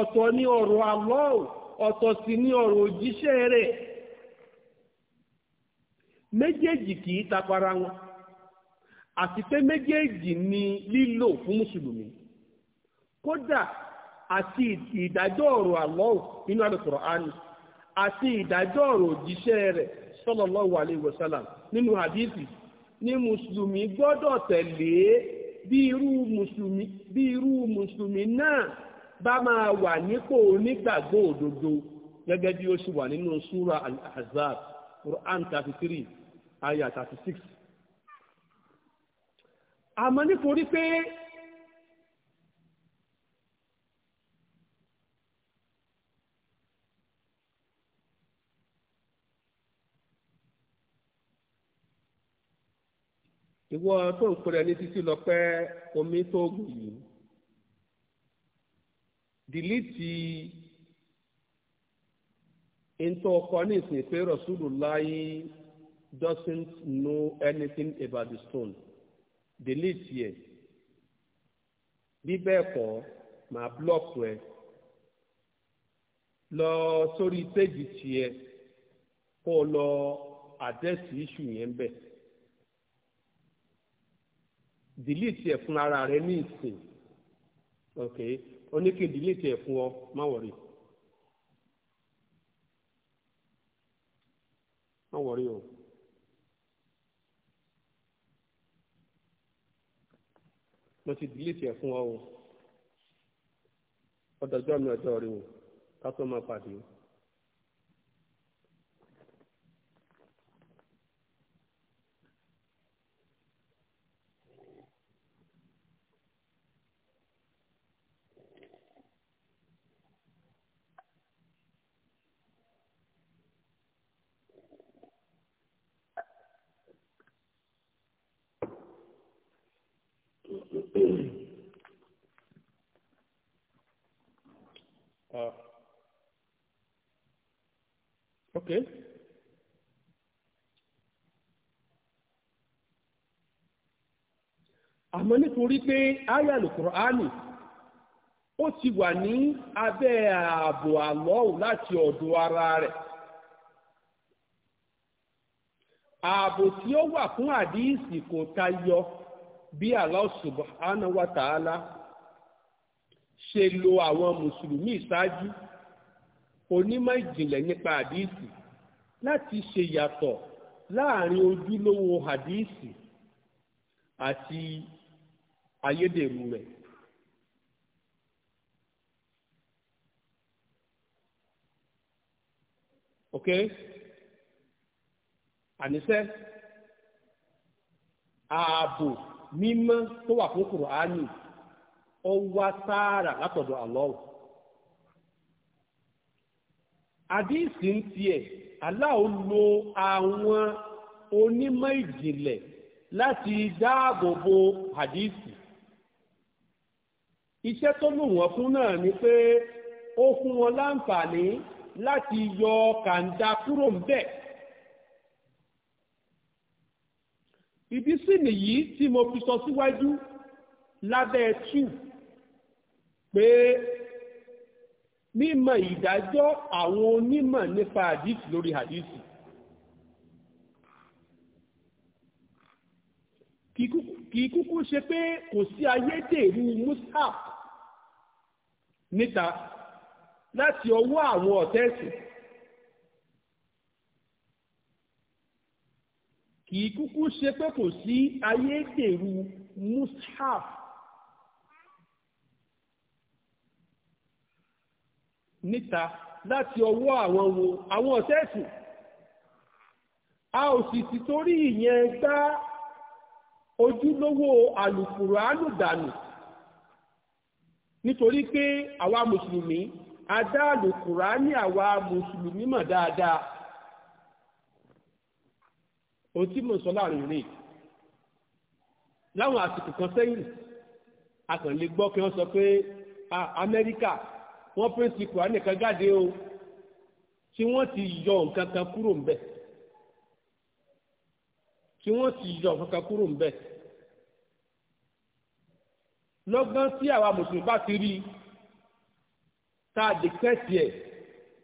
ọ̀tọ̀ ni ọ̀rọ̀ Allah ọ̀tọ̀ sì ni ọ̀rọ̀ òjíṣẹ́ rẹ̀ méjèèjì kì í tapara wọn àti méjèèjì ni lílò fún mùsùlùmí. kódà àti ìdájọ́ ọ̀rọ̀ àlọ́ọ̀ nínú àdùkọ̀rọ̀ àánú àti ìdájọ́ ọ̀rọ̀ òjíṣẹ́ rẹ̀ sallallahu alaihi wasallam nínú hadithi ni mùsùlùmí gbọ́dọ̀ tẹ̀lé bí irú mùsùlùmí bí irú mùsùlùmí náà bá máa wà nípò onígbàgbọ́ òdodo gẹ́gẹ́ bí ó ṣe wà nínú súra al-ahzab quran thirty ayah thirty six àmọ́ nítorí pé ìwọ tó ń pèrè ní títí lọ pẹ́ omi tó gùn yìí dìlítì ntọ́ ọkọ ní ìsìn pé Rasulullah doesn't know anything about the stone delete yẹ bí bẹ́ẹ̀ kọ́ màá block rẹ lọ sórí péjì tiẹ̀ kó o lọ àdẹ́sì issue yẹn bẹ́ẹ̀ delete ẹ̀ fún ara rẹ ní ìsìn ok ó ní kí delete ẹ̀ fún ọ má wọ̀rí má wọ̀rí o. mo ti delete ẹ̀ fún ọ o ọdọjọ́ mi ọjọ́ rí o ká tó máa pàdé o. Okay àmọ́ nítorí pé áyàlù kùránì ó ti wà ní abẹ́ ààbò àlọ́hù láti ọ̀dọ̀ ara rẹ̀ ààbò tí ó wà fún àdíyèsí kò tayọ bí Allah subhanahu ṣe lo àwọn mùsùlùmí ìsáájú. onímọ̀ ìjìnlẹ̀ nípa àdíìsì láti ṣe yàtọ̀ láàrin ojúlówó àdíìsì àti ayédèrú rẹ̀. ok àníṣẹ́ ààbò mímọ́ tó wà fún kùrọ̀ áánì ó látọ̀dọ̀ àdíìsì ń tiẹ̀ aláwo lo àwọn onímọ̀ ìjìnlẹ̀ láti dáàbò bo àdíìsì iṣẹ́ tó lù wọ́n fún náà ni pé ó fún wọn láǹfààní láti yọ kàńdá kúrò ń ibi sì nìyí tí mo fi sọ síwájú lábẹ́ two pé mímọ̀ ìdájọ́ àwọn onímọ̀ nípa hadith lórí hadith kì í kúkú ṣe pé kò sí ayédèrú mushaf níta láti ọwọ́ àwọn ọ̀tẹ́ẹ̀sì kì í kúkú ṣe pé kò sí ayédèrú mushaf níta láti ọwọ́ àwọn wo àwọn ọ̀sẹ́ẹ̀sì a ò sì ti torí ìyẹn gbá ojúlówó àlùkùránù dànù nítorí pé àwa mùsùlùmí a dá àlùkùránì àwa mùsùlùmí mọ̀ dáadáa ohun tí mò ń sọ láàrin rèé láwọn àsìkò kan sẹ́yìn a kàn lè gbọ́ kí wọ́n sọ pé ah, Amẹ́ríkà wọ́n pèsè kùránì kan jáde o tí wọ́n ti yọ nǹkan kan kúrò ń bẹ̀ tí wọ́n ti yọ nǹkan kan kúrò ń bẹ̀ lọ́gán tí àwa mùsùlùmí bá ti rí tá a dé kẹ́sì ẹ̀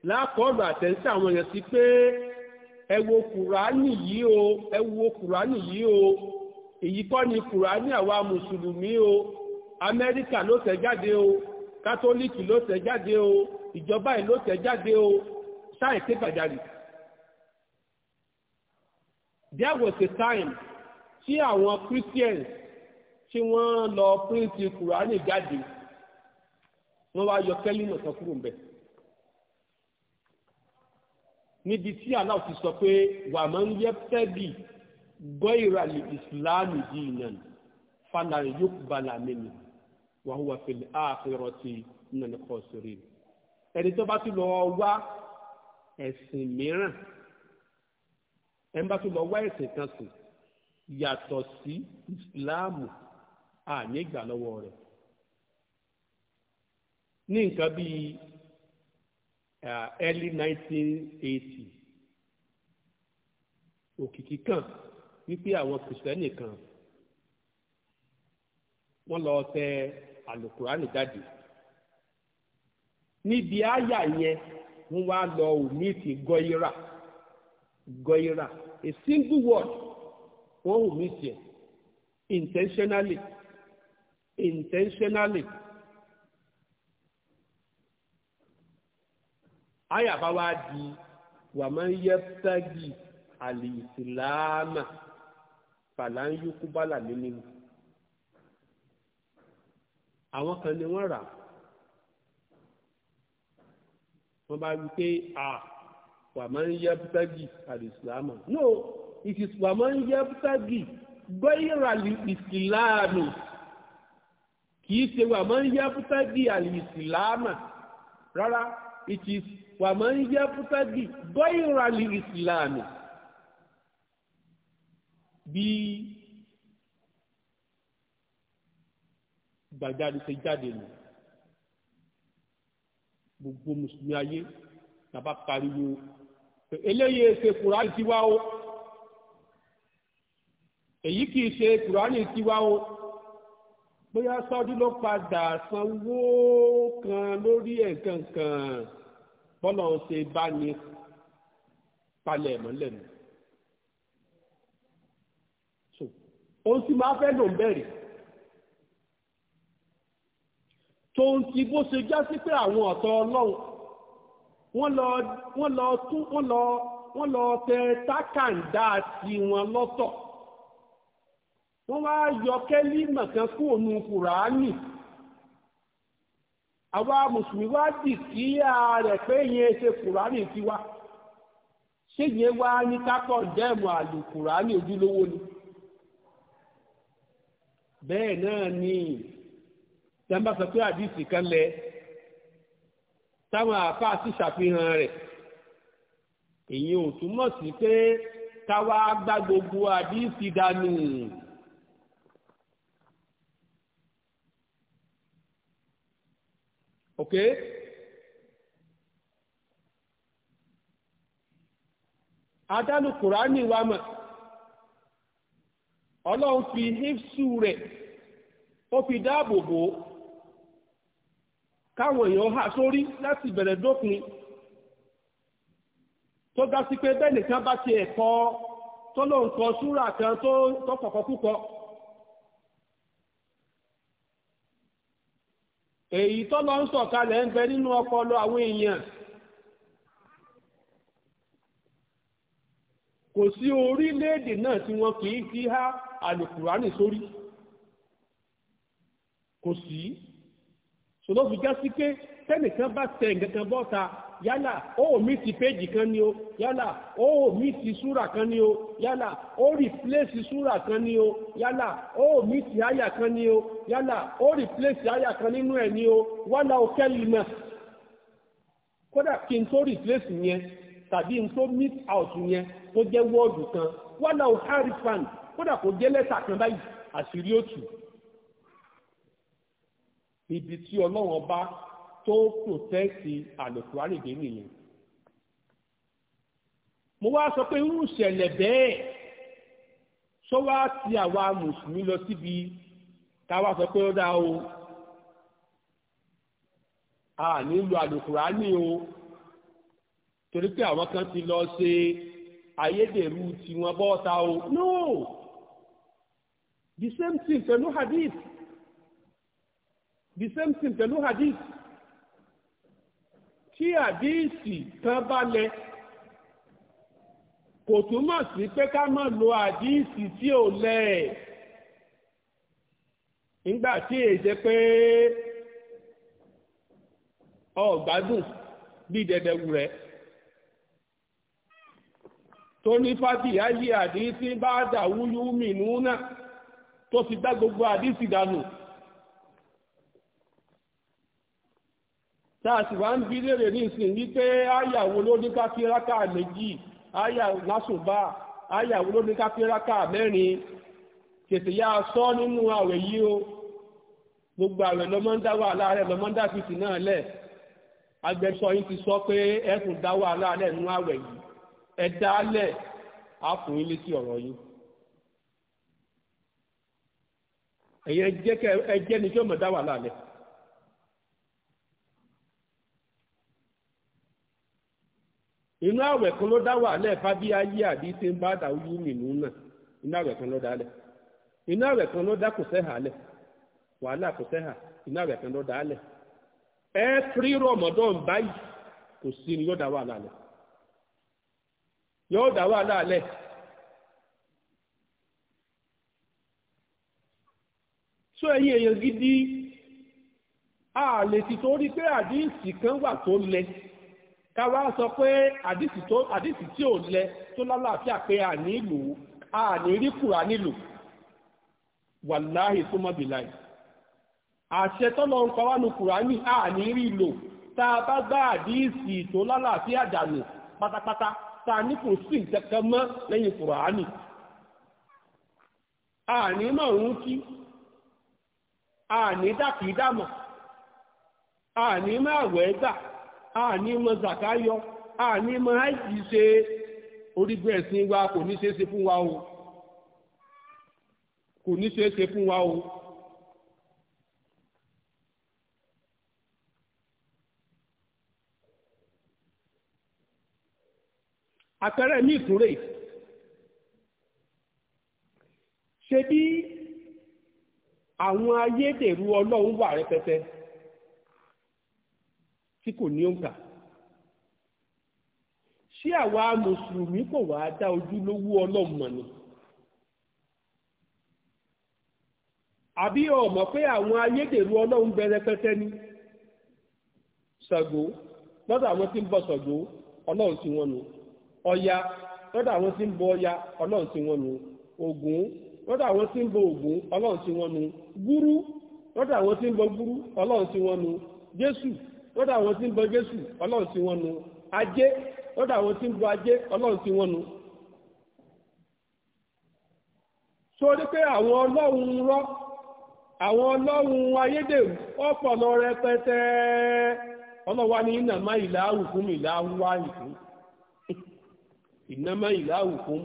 lákọ̀ọ́lù àtẹ̀sí àwọn èèyàn sí pé ẹ wo kùránì yìí o ẹ wo kùránì yìí o èyí kọ́ ni kùránì àwa mùsùlùmí o amẹ́ríkà ló tẹ̀ jáde o. Katoliki ló tẹ̀ jáde o ìjọba yìí ló tẹ̀ jáde o sáì ké bàjálì. there was a time tí àwọn christians tí wọ́n lọ píríǹtì kùránì jáde wọ́n wá yọ kẹ́límọ̀ kan kúrò ńbẹ̀. níbi tí aláwọ̀ ti sọ pé wà máa ń yẹ fẹ́bi gbọ́ ìrànlẹ̀ ìsìláàmù yìí náà fàlàyé yóò balà mímu wa huwa fil akhirati minal khasirin ẹni tó bá tún lọ wá ẹ̀sìn mìíràn ẹni bá tún lọ wá ẹ̀sìn kan sìn yàtọ̀ sí ìsìláàmù àní ìgbà lọ́wọ́ rẹ̀ ní nǹkan bíi early 1980 òkìkí kan wípé àwọn kìrìsìtẹ́nì kan wọ́n lọ tẹ Alukurani jáde níbi àyà yẹn wọ́n wá lọ omit gọ́yìrà gọ́yìrà a single word wọ́n omit yẹn intentionally intentionally àyà bá wá di wàmọ́ yẹ́pẹ́gì àlè ìsìláàmà fàlàyé kúbálà nínú àwọn kan ni wọ́n rà wọ́n bá wí pé à wà máa ń yẹ bútẹ́gì àdìsílámù no it is wà máa ń yẹ bútẹ́gì gbẹ́yìnràlì ìsìláàmù kì í ṣe wà máa ń yẹ bútẹ́gì àdìsílámù rárá it is wà máa ń yẹ bútẹ́gì gbẹ́yìnràlì ìsìláàmù bí. gbàjáde ṣe jáde nù gbogbo mùsùlùmí ayé nàbà pariwo eléyìí ṣe kùránì tiwa o èyí kìí ṣe kùránì tiwa o bóyá sọ́ọ́dún ló padà sanwó kan lórí ẹ̀ǹkan kan bọ́lọ̀ ń ṣe bá ní palẹ̀ mọ́lẹ̀ mi. ó sì máa fẹ́ lò ń bẹ̀rẹ̀. tó ń ti bó ṣe já sí pé àwọn ọ̀tọ̀ ọlọ́run wọ́n lọ wọ́n lọ tún wọ́n lọ wọ́n lọ tẹ tákàndá ti wọn lọ́tọ̀ wọ́n wá yọ kẹ́lí mọ̀kan kú ònú kùránì àwa mùsùlùmí wá dì kí ààrẹ pé ìyẹn ṣe kùránì tiwa ṣé ìyẹn wá ní kákọ̀ dẹ́mu àlù kùránì ojúlówó ni bẹ́ẹ̀ náà ni tẹ́ńbà sọ pé àdìsí kan lẹ táwọn àáfàá sì ṣàfihàn rẹ̀ èyí ò túmọ̀ sí pé káwá gbá gbogbo àdìsí dànù. ok adánù kùránì wa mọ̀ ọlọ́run fi hífsù rẹ̀ ó fi dáàbò bò káwọn èèyàn ha sórí láti bẹ̀rẹ̀ dópin tó ga sí pé bẹ́ẹ̀ nìkan bá ti ẹ̀kọ́ tó ló ń kọ súrà kan tó kọ̀kọ́ púpọ̀ èyí tó lọ ń sọ̀kalẹ̀ ń bẹ nínú ọpọlọ àwọn èèyàn kò sí orílẹ̀-èdè náà tí wọ́n kì í fi há àlùkùránì sórí kò sí. ṣùgbọ́n fi já sí pé tẹ́nìkan bá tẹ nǹkan bọ́ta yálà ó mi ti péjì kan ni o yálà ó mi ti súrà kan ni o yálà ó rìpléṣì súrà kan ni o yálà ó mi ti àyà kan ni o yálà ó rìpléṣì àyà kan nínú ẹ̀ ni o wálà ó kẹ́lì náà kódà kí n tó rìpléṣì yẹn tàbí n tó miss out yẹn tó jẹ́ wọ́ọ̀dù kan wálà ó hárifan kódà kó jẹ́ lẹ́tà kan báyìí àṣírí òtù ibi tí ọlọ́run ọba tó protẹ́tì àlòkùrárì dé nìyẹn. mo wá sọ pé irú ìṣẹ̀lẹ̀ bẹ́ẹ̀ tó wá ti àwa mùsùlùmí lọ síbi táwa sọ pé ó dá o a nílò àlòkùrárì o torí pé àwọn kan ti lọ ṣe ayédèrú tiwọn bọ́ta o no the same thing pẹ̀lú hadith the same thing pẹ̀lú hadith tí àdíìsì kan bá lẹ kò túmọ̀ sí pé ká má lo àdíìsì tí ò lẹ nígbà tí èyí jẹ́ pé ọ̀gbádùn bí dẹ̀dẹ̀wù rẹ̀ tó ní fàtíyà yí àdíìsì bá dàwúyú mìnú náà tó fi dá gbogbo àdíìsì dànù táàsì wá ń bí léèrè ní ìsìn wípé àyàwó ló ní ká fi rákà méjì àyà lásùbà àyàwó ló ní ká fi rákà mẹ́rin tètè yá sọ nínú àwẹ̀ yìí o gbogbo àwẹ̀ lọ́mọ ń dá wàhálà rẹ̀ lọ́mọ ń dá fìtì náà lẹ̀ agbẹsọ yìí ti sọ pé ẹ kò dá wàhálà rẹ̀ nínú àwẹ̀ yìí ẹ dá lẹ̀ á fún yín létí ọ̀rọ̀ yìí. ẹ̀yẹ jẹ́ ẹ jẹ́ ni kí ọmọ dá wàhálà rẹ̀. inú àwẹ̀ kan ló dá wàhálẹ̀ fábí ayé àbí tí ń bá dàwúyú nínú náà inú àwẹ̀ kan ló dá lẹ̀ inú àwẹ̀ kan ló dá kò sẹ́hà lẹ̀ wàhálà kò sẹ́hà inú àwẹ̀ kan ló dá lẹ̀ ẹ rọmọdún báyìí kò sí ni yóò dá wàhálà lẹ̀ yóò dá wàhálà lẹ̀ tó gidi a lè pé àdínsì kan wà tó ka wá sọ pé àdìsí tí ò lẹ tó lálàáfíà pé a ní ìlú a ní rí kùrà nílùú wàláhì tó mọ́bìláì àṣẹ tọ́lọ ń kọ́ wá ní kùránì a si rí lò tá a bá gbá àdìsí tó lálàáfíà dànù pátápátá tá a ní kò sí ìtẹ́kẹ́ mọ́ lẹ́yìn a ní mọ̀rún kí a dákìí dámọ̀ a gbà àní mọ zàká yọ àní mọ àìsí ṣe orígun ẹ̀sìn wa kò ní ṣeéṣe fún wa o kò ní ṣeéṣe fún wa o. àpẹẹrẹ ní ìtúrè ṣe bí àwọn ayédèrú ọlọ́run wà rẹpẹtẹ. tí kò ní òǹkà ṣé àwa mùsùlùmí kò wá dá ojúlówó ọlọ́mọ ni àbí o mọ̀ pé àwọn ayédèrú ọlọ́run bẹ rẹpẹtẹ ni Ṣàngó lọ́dọ̀ àwọn tí ń bọ Ṣàngó ọlọ́run tí wọ́n nu Ọya lọ́dọ̀ àwọn tí ń bọ Ọya ọlọ́run tí wọ́n nu Ògún lọ́dọ̀ àwọn tí ń bọ Ògún ọlọ́run tí wọ́n nu gúrú lọ́dọ̀ àwọn bọ gúrú ọlọ́run tí wọ́n lọ́dọ̀ àwọn tí ń bọ Jésù ọlọ́run ajé lọ́dọ̀ àwọn tí ń bọ ajé ọlọ́run nu. sórí pé àwọn ọlọ́run rọ àwọn ọlọ́run ayédèrú ọpọlọ rẹpẹtẹ ọlọ́wà ní ìnàmá ìlàáwù fún fún ìnàmá ìlàáwù fún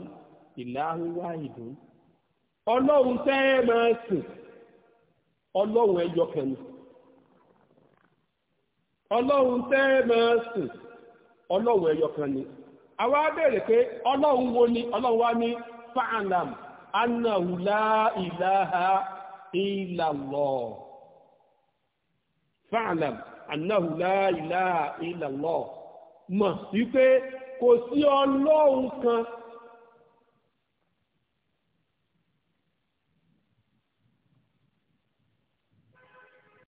ọlọ́run tẹ́ ẹ máa ọlọ́run tẹ́ máa sìn ọlọ́run ẹyọ kan ni àwa bèèrè pé ọlọ́run wo ni ọlọ́run wá ní fa'alam annahu la ilaha illallah fa'alam annahu kò sí ọlọ́run kan